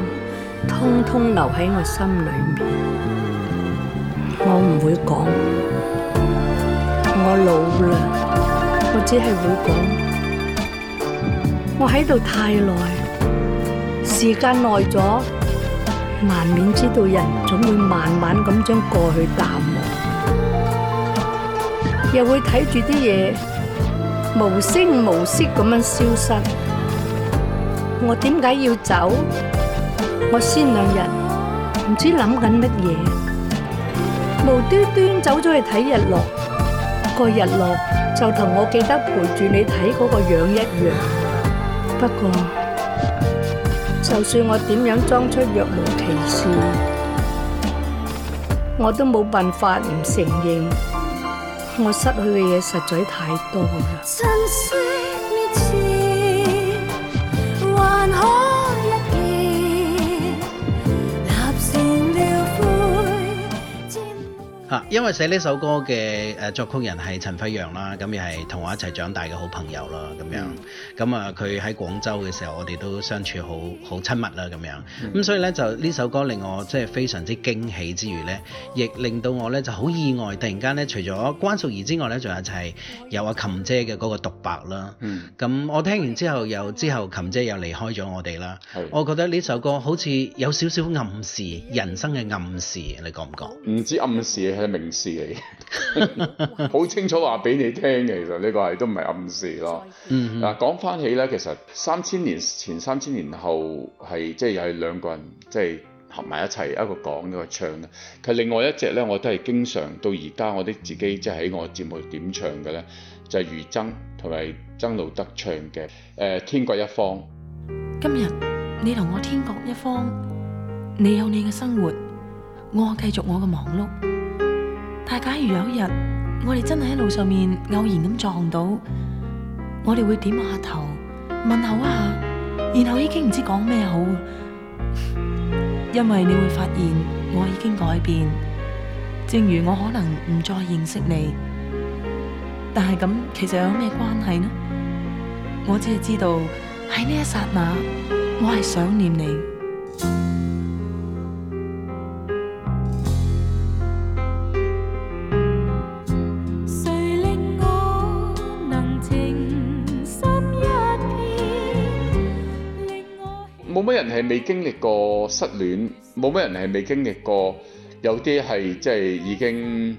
通通留喺我心裏面。我唔會講，我老啦，我只係會講。我喺度太耐，時間耐咗，難免知道人總會慢慢咁將過去淡忘，又會睇住啲嘢。無聲無息咁樣消失，我點解要走？我先兩日唔知諗緊乜嘢，無端端走咗去睇日落，個日落就同我記得陪住你睇嗰個樣一樣。不過，就算我點樣裝出若無其事，我都冇辦法唔承認。我失去嘅嘢實在太多啦。啊，因為寫呢首歌嘅誒作曲人係陳輝陽啦，咁又係同我一齊長大嘅好朋友啦，咁樣，咁、嗯、啊佢喺廣州嘅時候，我哋都相處好好親密啦，咁樣，咁、嗯、所以呢，就呢首歌令我即係非常之驚喜之餘呢，亦令到我呢就好意外，突然間呢，除咗關淑怡之外呢，仲有就係有阿、啊、琴姐嘅嗰個獨白啦。咁、嗯、我聽完之後，又之後琴姐又離開咗我哋啦。係。我覺得呢首歌好似有少少暗示人生嘅暗示，你覺唔覺？唔知暗示係明示嚟，好清楚話俾你聽嘅。其實呢個係都唔係暗示咯。嗱，講翻起咧，其實三千年前三千年後係即係又係兩個人即係、就是、合埋一齊一個講一個唱咧。其實另外一隻咧，我都係經常到而家，我的自己即係喺我節目點唱嘅咧，就係俞琤同埋曾路得唱嘅誒、呃《天各一方》。今日你同我天各一方，你有你嘅生活，我繼續我嘅忙碌。大家如有一日，我哋真係喺路上面偶然咁撞到，我哋會點下頭，問候一下，然後已經唔知講咩好。因為你會發現我已經改變，正如我可能唔再認識你，但係咁其實有咩關係呢？我只係知道喺呢一剎那，我係想念你。係未經歷過失戀，冇咩人係未經歷過，有啲係即係已經誒、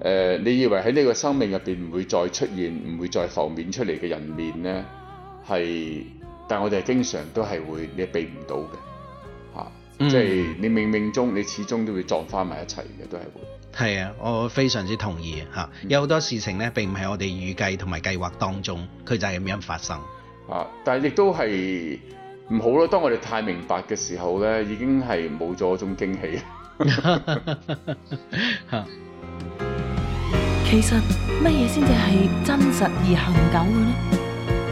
呃，你以為喺呢個生命入邊唔會再出現，唔會再浮面出嚟嘅人面咧？係，但係我哋係經常都係會你避唔到嘅，吓、嗯，即係你冥冥中你始終都會撞翻埋一齊嘅，都係會。係啊，我非常之同意吓、啊，有好多事情咧，並唔係我哋預計同埋計劃當中，佢就係咁樣發生啊，但係亦都係。唔好咯。當我哋太明白嘅時候咧，已經係冇咗嗰種驚喜。 [LAUGHS] [LAUGHS] 其實乜嘢先至係真實而恆久嘅呢？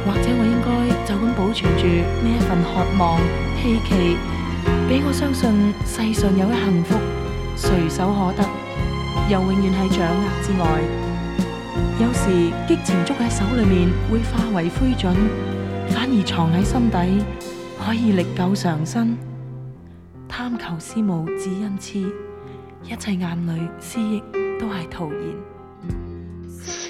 或者我應該就咁保存住呢一份渴望、希冀，俾我相信世上有一幸福，隨手可得，又永遠喺掌握之外。有時激情捉喺手裏面會化為灰燼，反而藏喺心底，可以歷久常新，貪求思慕只因痴，一切眼淚思憶都係徒然。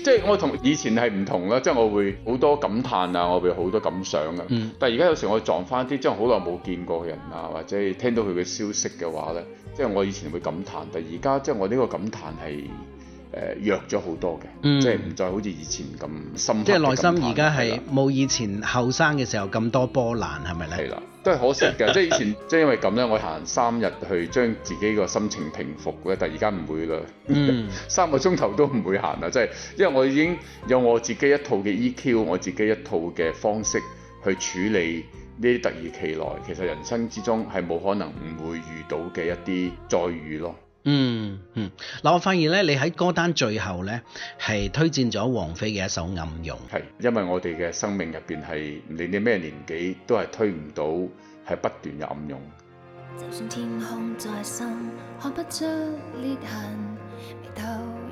即係我同以前係唔同啦，即係我會好多感嘆啊，我會好多感想啊、嗯。但係而家有時我撞翻啲，即係好耐冇見過嘅人啊，或者係聽到佢嘅消息嘅話咧，即係我以前會感嘆，但而家即係我呢個感嘆係。誒弱咗、嗯就是、好多嘅，即係唔再好似以前咁深，即係內心而家係冇以前後生嘅時候咁多波瀾，係咪咧？係啦，都係可惜嘅。 [LAUGHS] 即係以前，即係因為咁咧，我行三日去將自己個心情平復嘅，但係而家唔會啦。嗯、 [LAUGHS] 三個鐘頭都唔會行啦，即、就、係、是、因為我已經有我自己一套嘅 EQ，我自己一套嘅方式去處理呢啲突如其來，其實人生之中係冇可能唔會遇到嘅一啲際遇咯。嗯嗯，嗱、嗯，我發現咧，你喺歌單最後咧，係推薦咗王菲嘅一首《暗湧》。係，因為我哋嘅生命入邊係，唔理你咩年紀，都係推唔到，係不斷嘅《暗湧》。就算天空再深，看不出裂痕，眉頭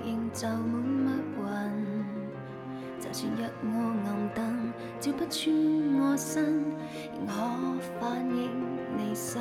仍就滿密雲。就算一屋暗燈照不穿我身，仍可反映你心。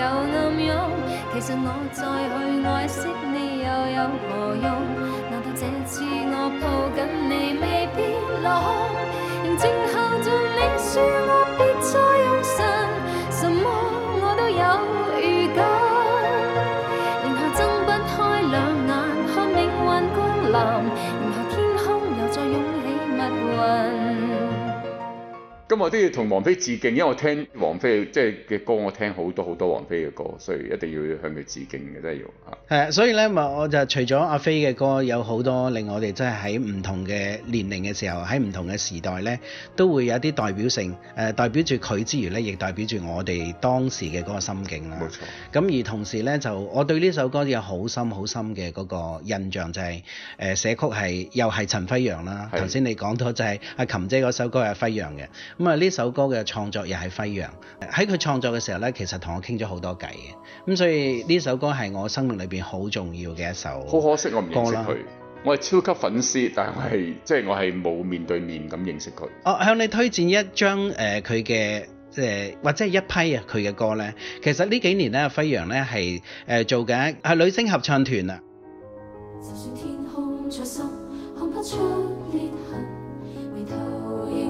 有暗湧，其實我再去愛惜你又有何用？難道這次我抱緊你未必落空？仍靜候著你説我別再用神，什麼我都有預感。然後睜不開兩眼看命運光臨，然後天空又再湧起密雲。今日都要同王菲致敬，因為我聽王菲即係嘅歌，我聽好多好多王菲嘅歌，所以一定要向佢致敬嘅真係要吓。係啊，所以咧我就除咗阿飛嘅歌，有好多令我哋真係喺唔同嘅年齡嘅時候，喺唔同嘅時代咧，都會有啲代表性。誒，代表住佢之餘咧，亦代表住我哋當時嘅嗰個心境啦。冇錯。咁而同時咧，就我對呢首歌有好深好深嘅嗰個印象，就係誒寫曲係又係陳輝陽啦。頭先你講咗就係阿琴姐嗰首歌係輝陽嘅。咁啊！呢首歌嘅創作又係輝揚，喺佢創作嘅時候咧，其實同我傾咗好多偈嘅。咁所以呢首歌係我生命裏邊好重要嘅一首歌。好可惜我唔認識佢，我係超級粉絲，但係我係即係我係冇面對面咁認識佢。哦，向你推薦一張誒佢嘅誒或者係一批啊佢嘅歌咧。其實呢幾年咧，輝揚咧係誒做緊係、呃、女聲合唱團啦。就算天空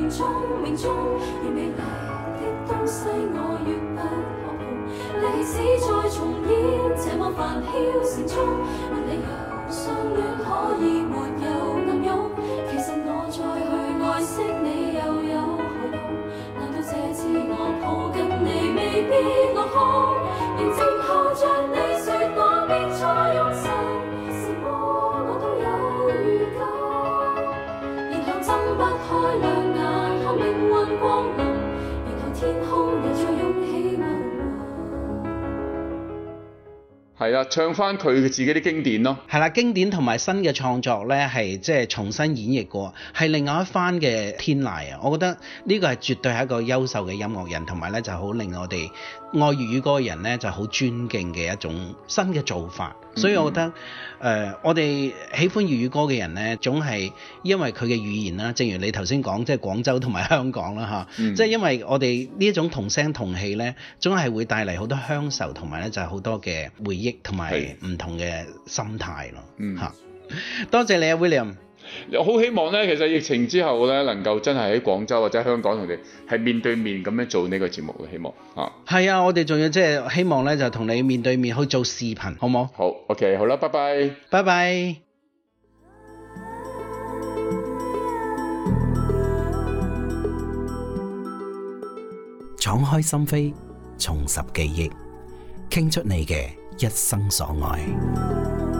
命中，命中，越美麗的東西我越不可碰。歷史在重演，這麼煩囂城中，沒理由相戀可以沒有暗湧。其實我再去愛惜你又有何用？難道這次我抱緊你未必落空？係啦，唱翻佢自己啲經典咯。係啦，經典同埋新嘅創作咧，係即係重新演繹過，係另外一番嘅天籟啊！我覺得呢個係絕對係一個優秀嘅音樂人，同埋咧就好令我哋。愛粵語歌嘅人呢，就好尊敬嘅一種新嘅做法。嗯，所以我覺得，誒、呃，我哋喜歡粵語歌嘅人呢，總係因為佢嘅語言啦，正如你頭先講，即係廣州同埋香港啦，嚇、嗯，即係因為我哋呢一種同聲同氣呢，總係會帶嚟好多鄉愁，同埋呢就係好多嘅回憶同埋唔同嘅心態咯，嚇、嗯。多謝你啊，William。我好希望咧，其實疫情之後咧，能夠真係喺廣州或者香港同你係面對面咁樣做呢個節目嘅希望啊。係啊，我哋仲要即係希望咧，就同你面對面去做視頻，好唔好？好，OK，好啦，拜拜，拜拜。敞開心扉，重拾記憶，傾出你嘅一生所愛。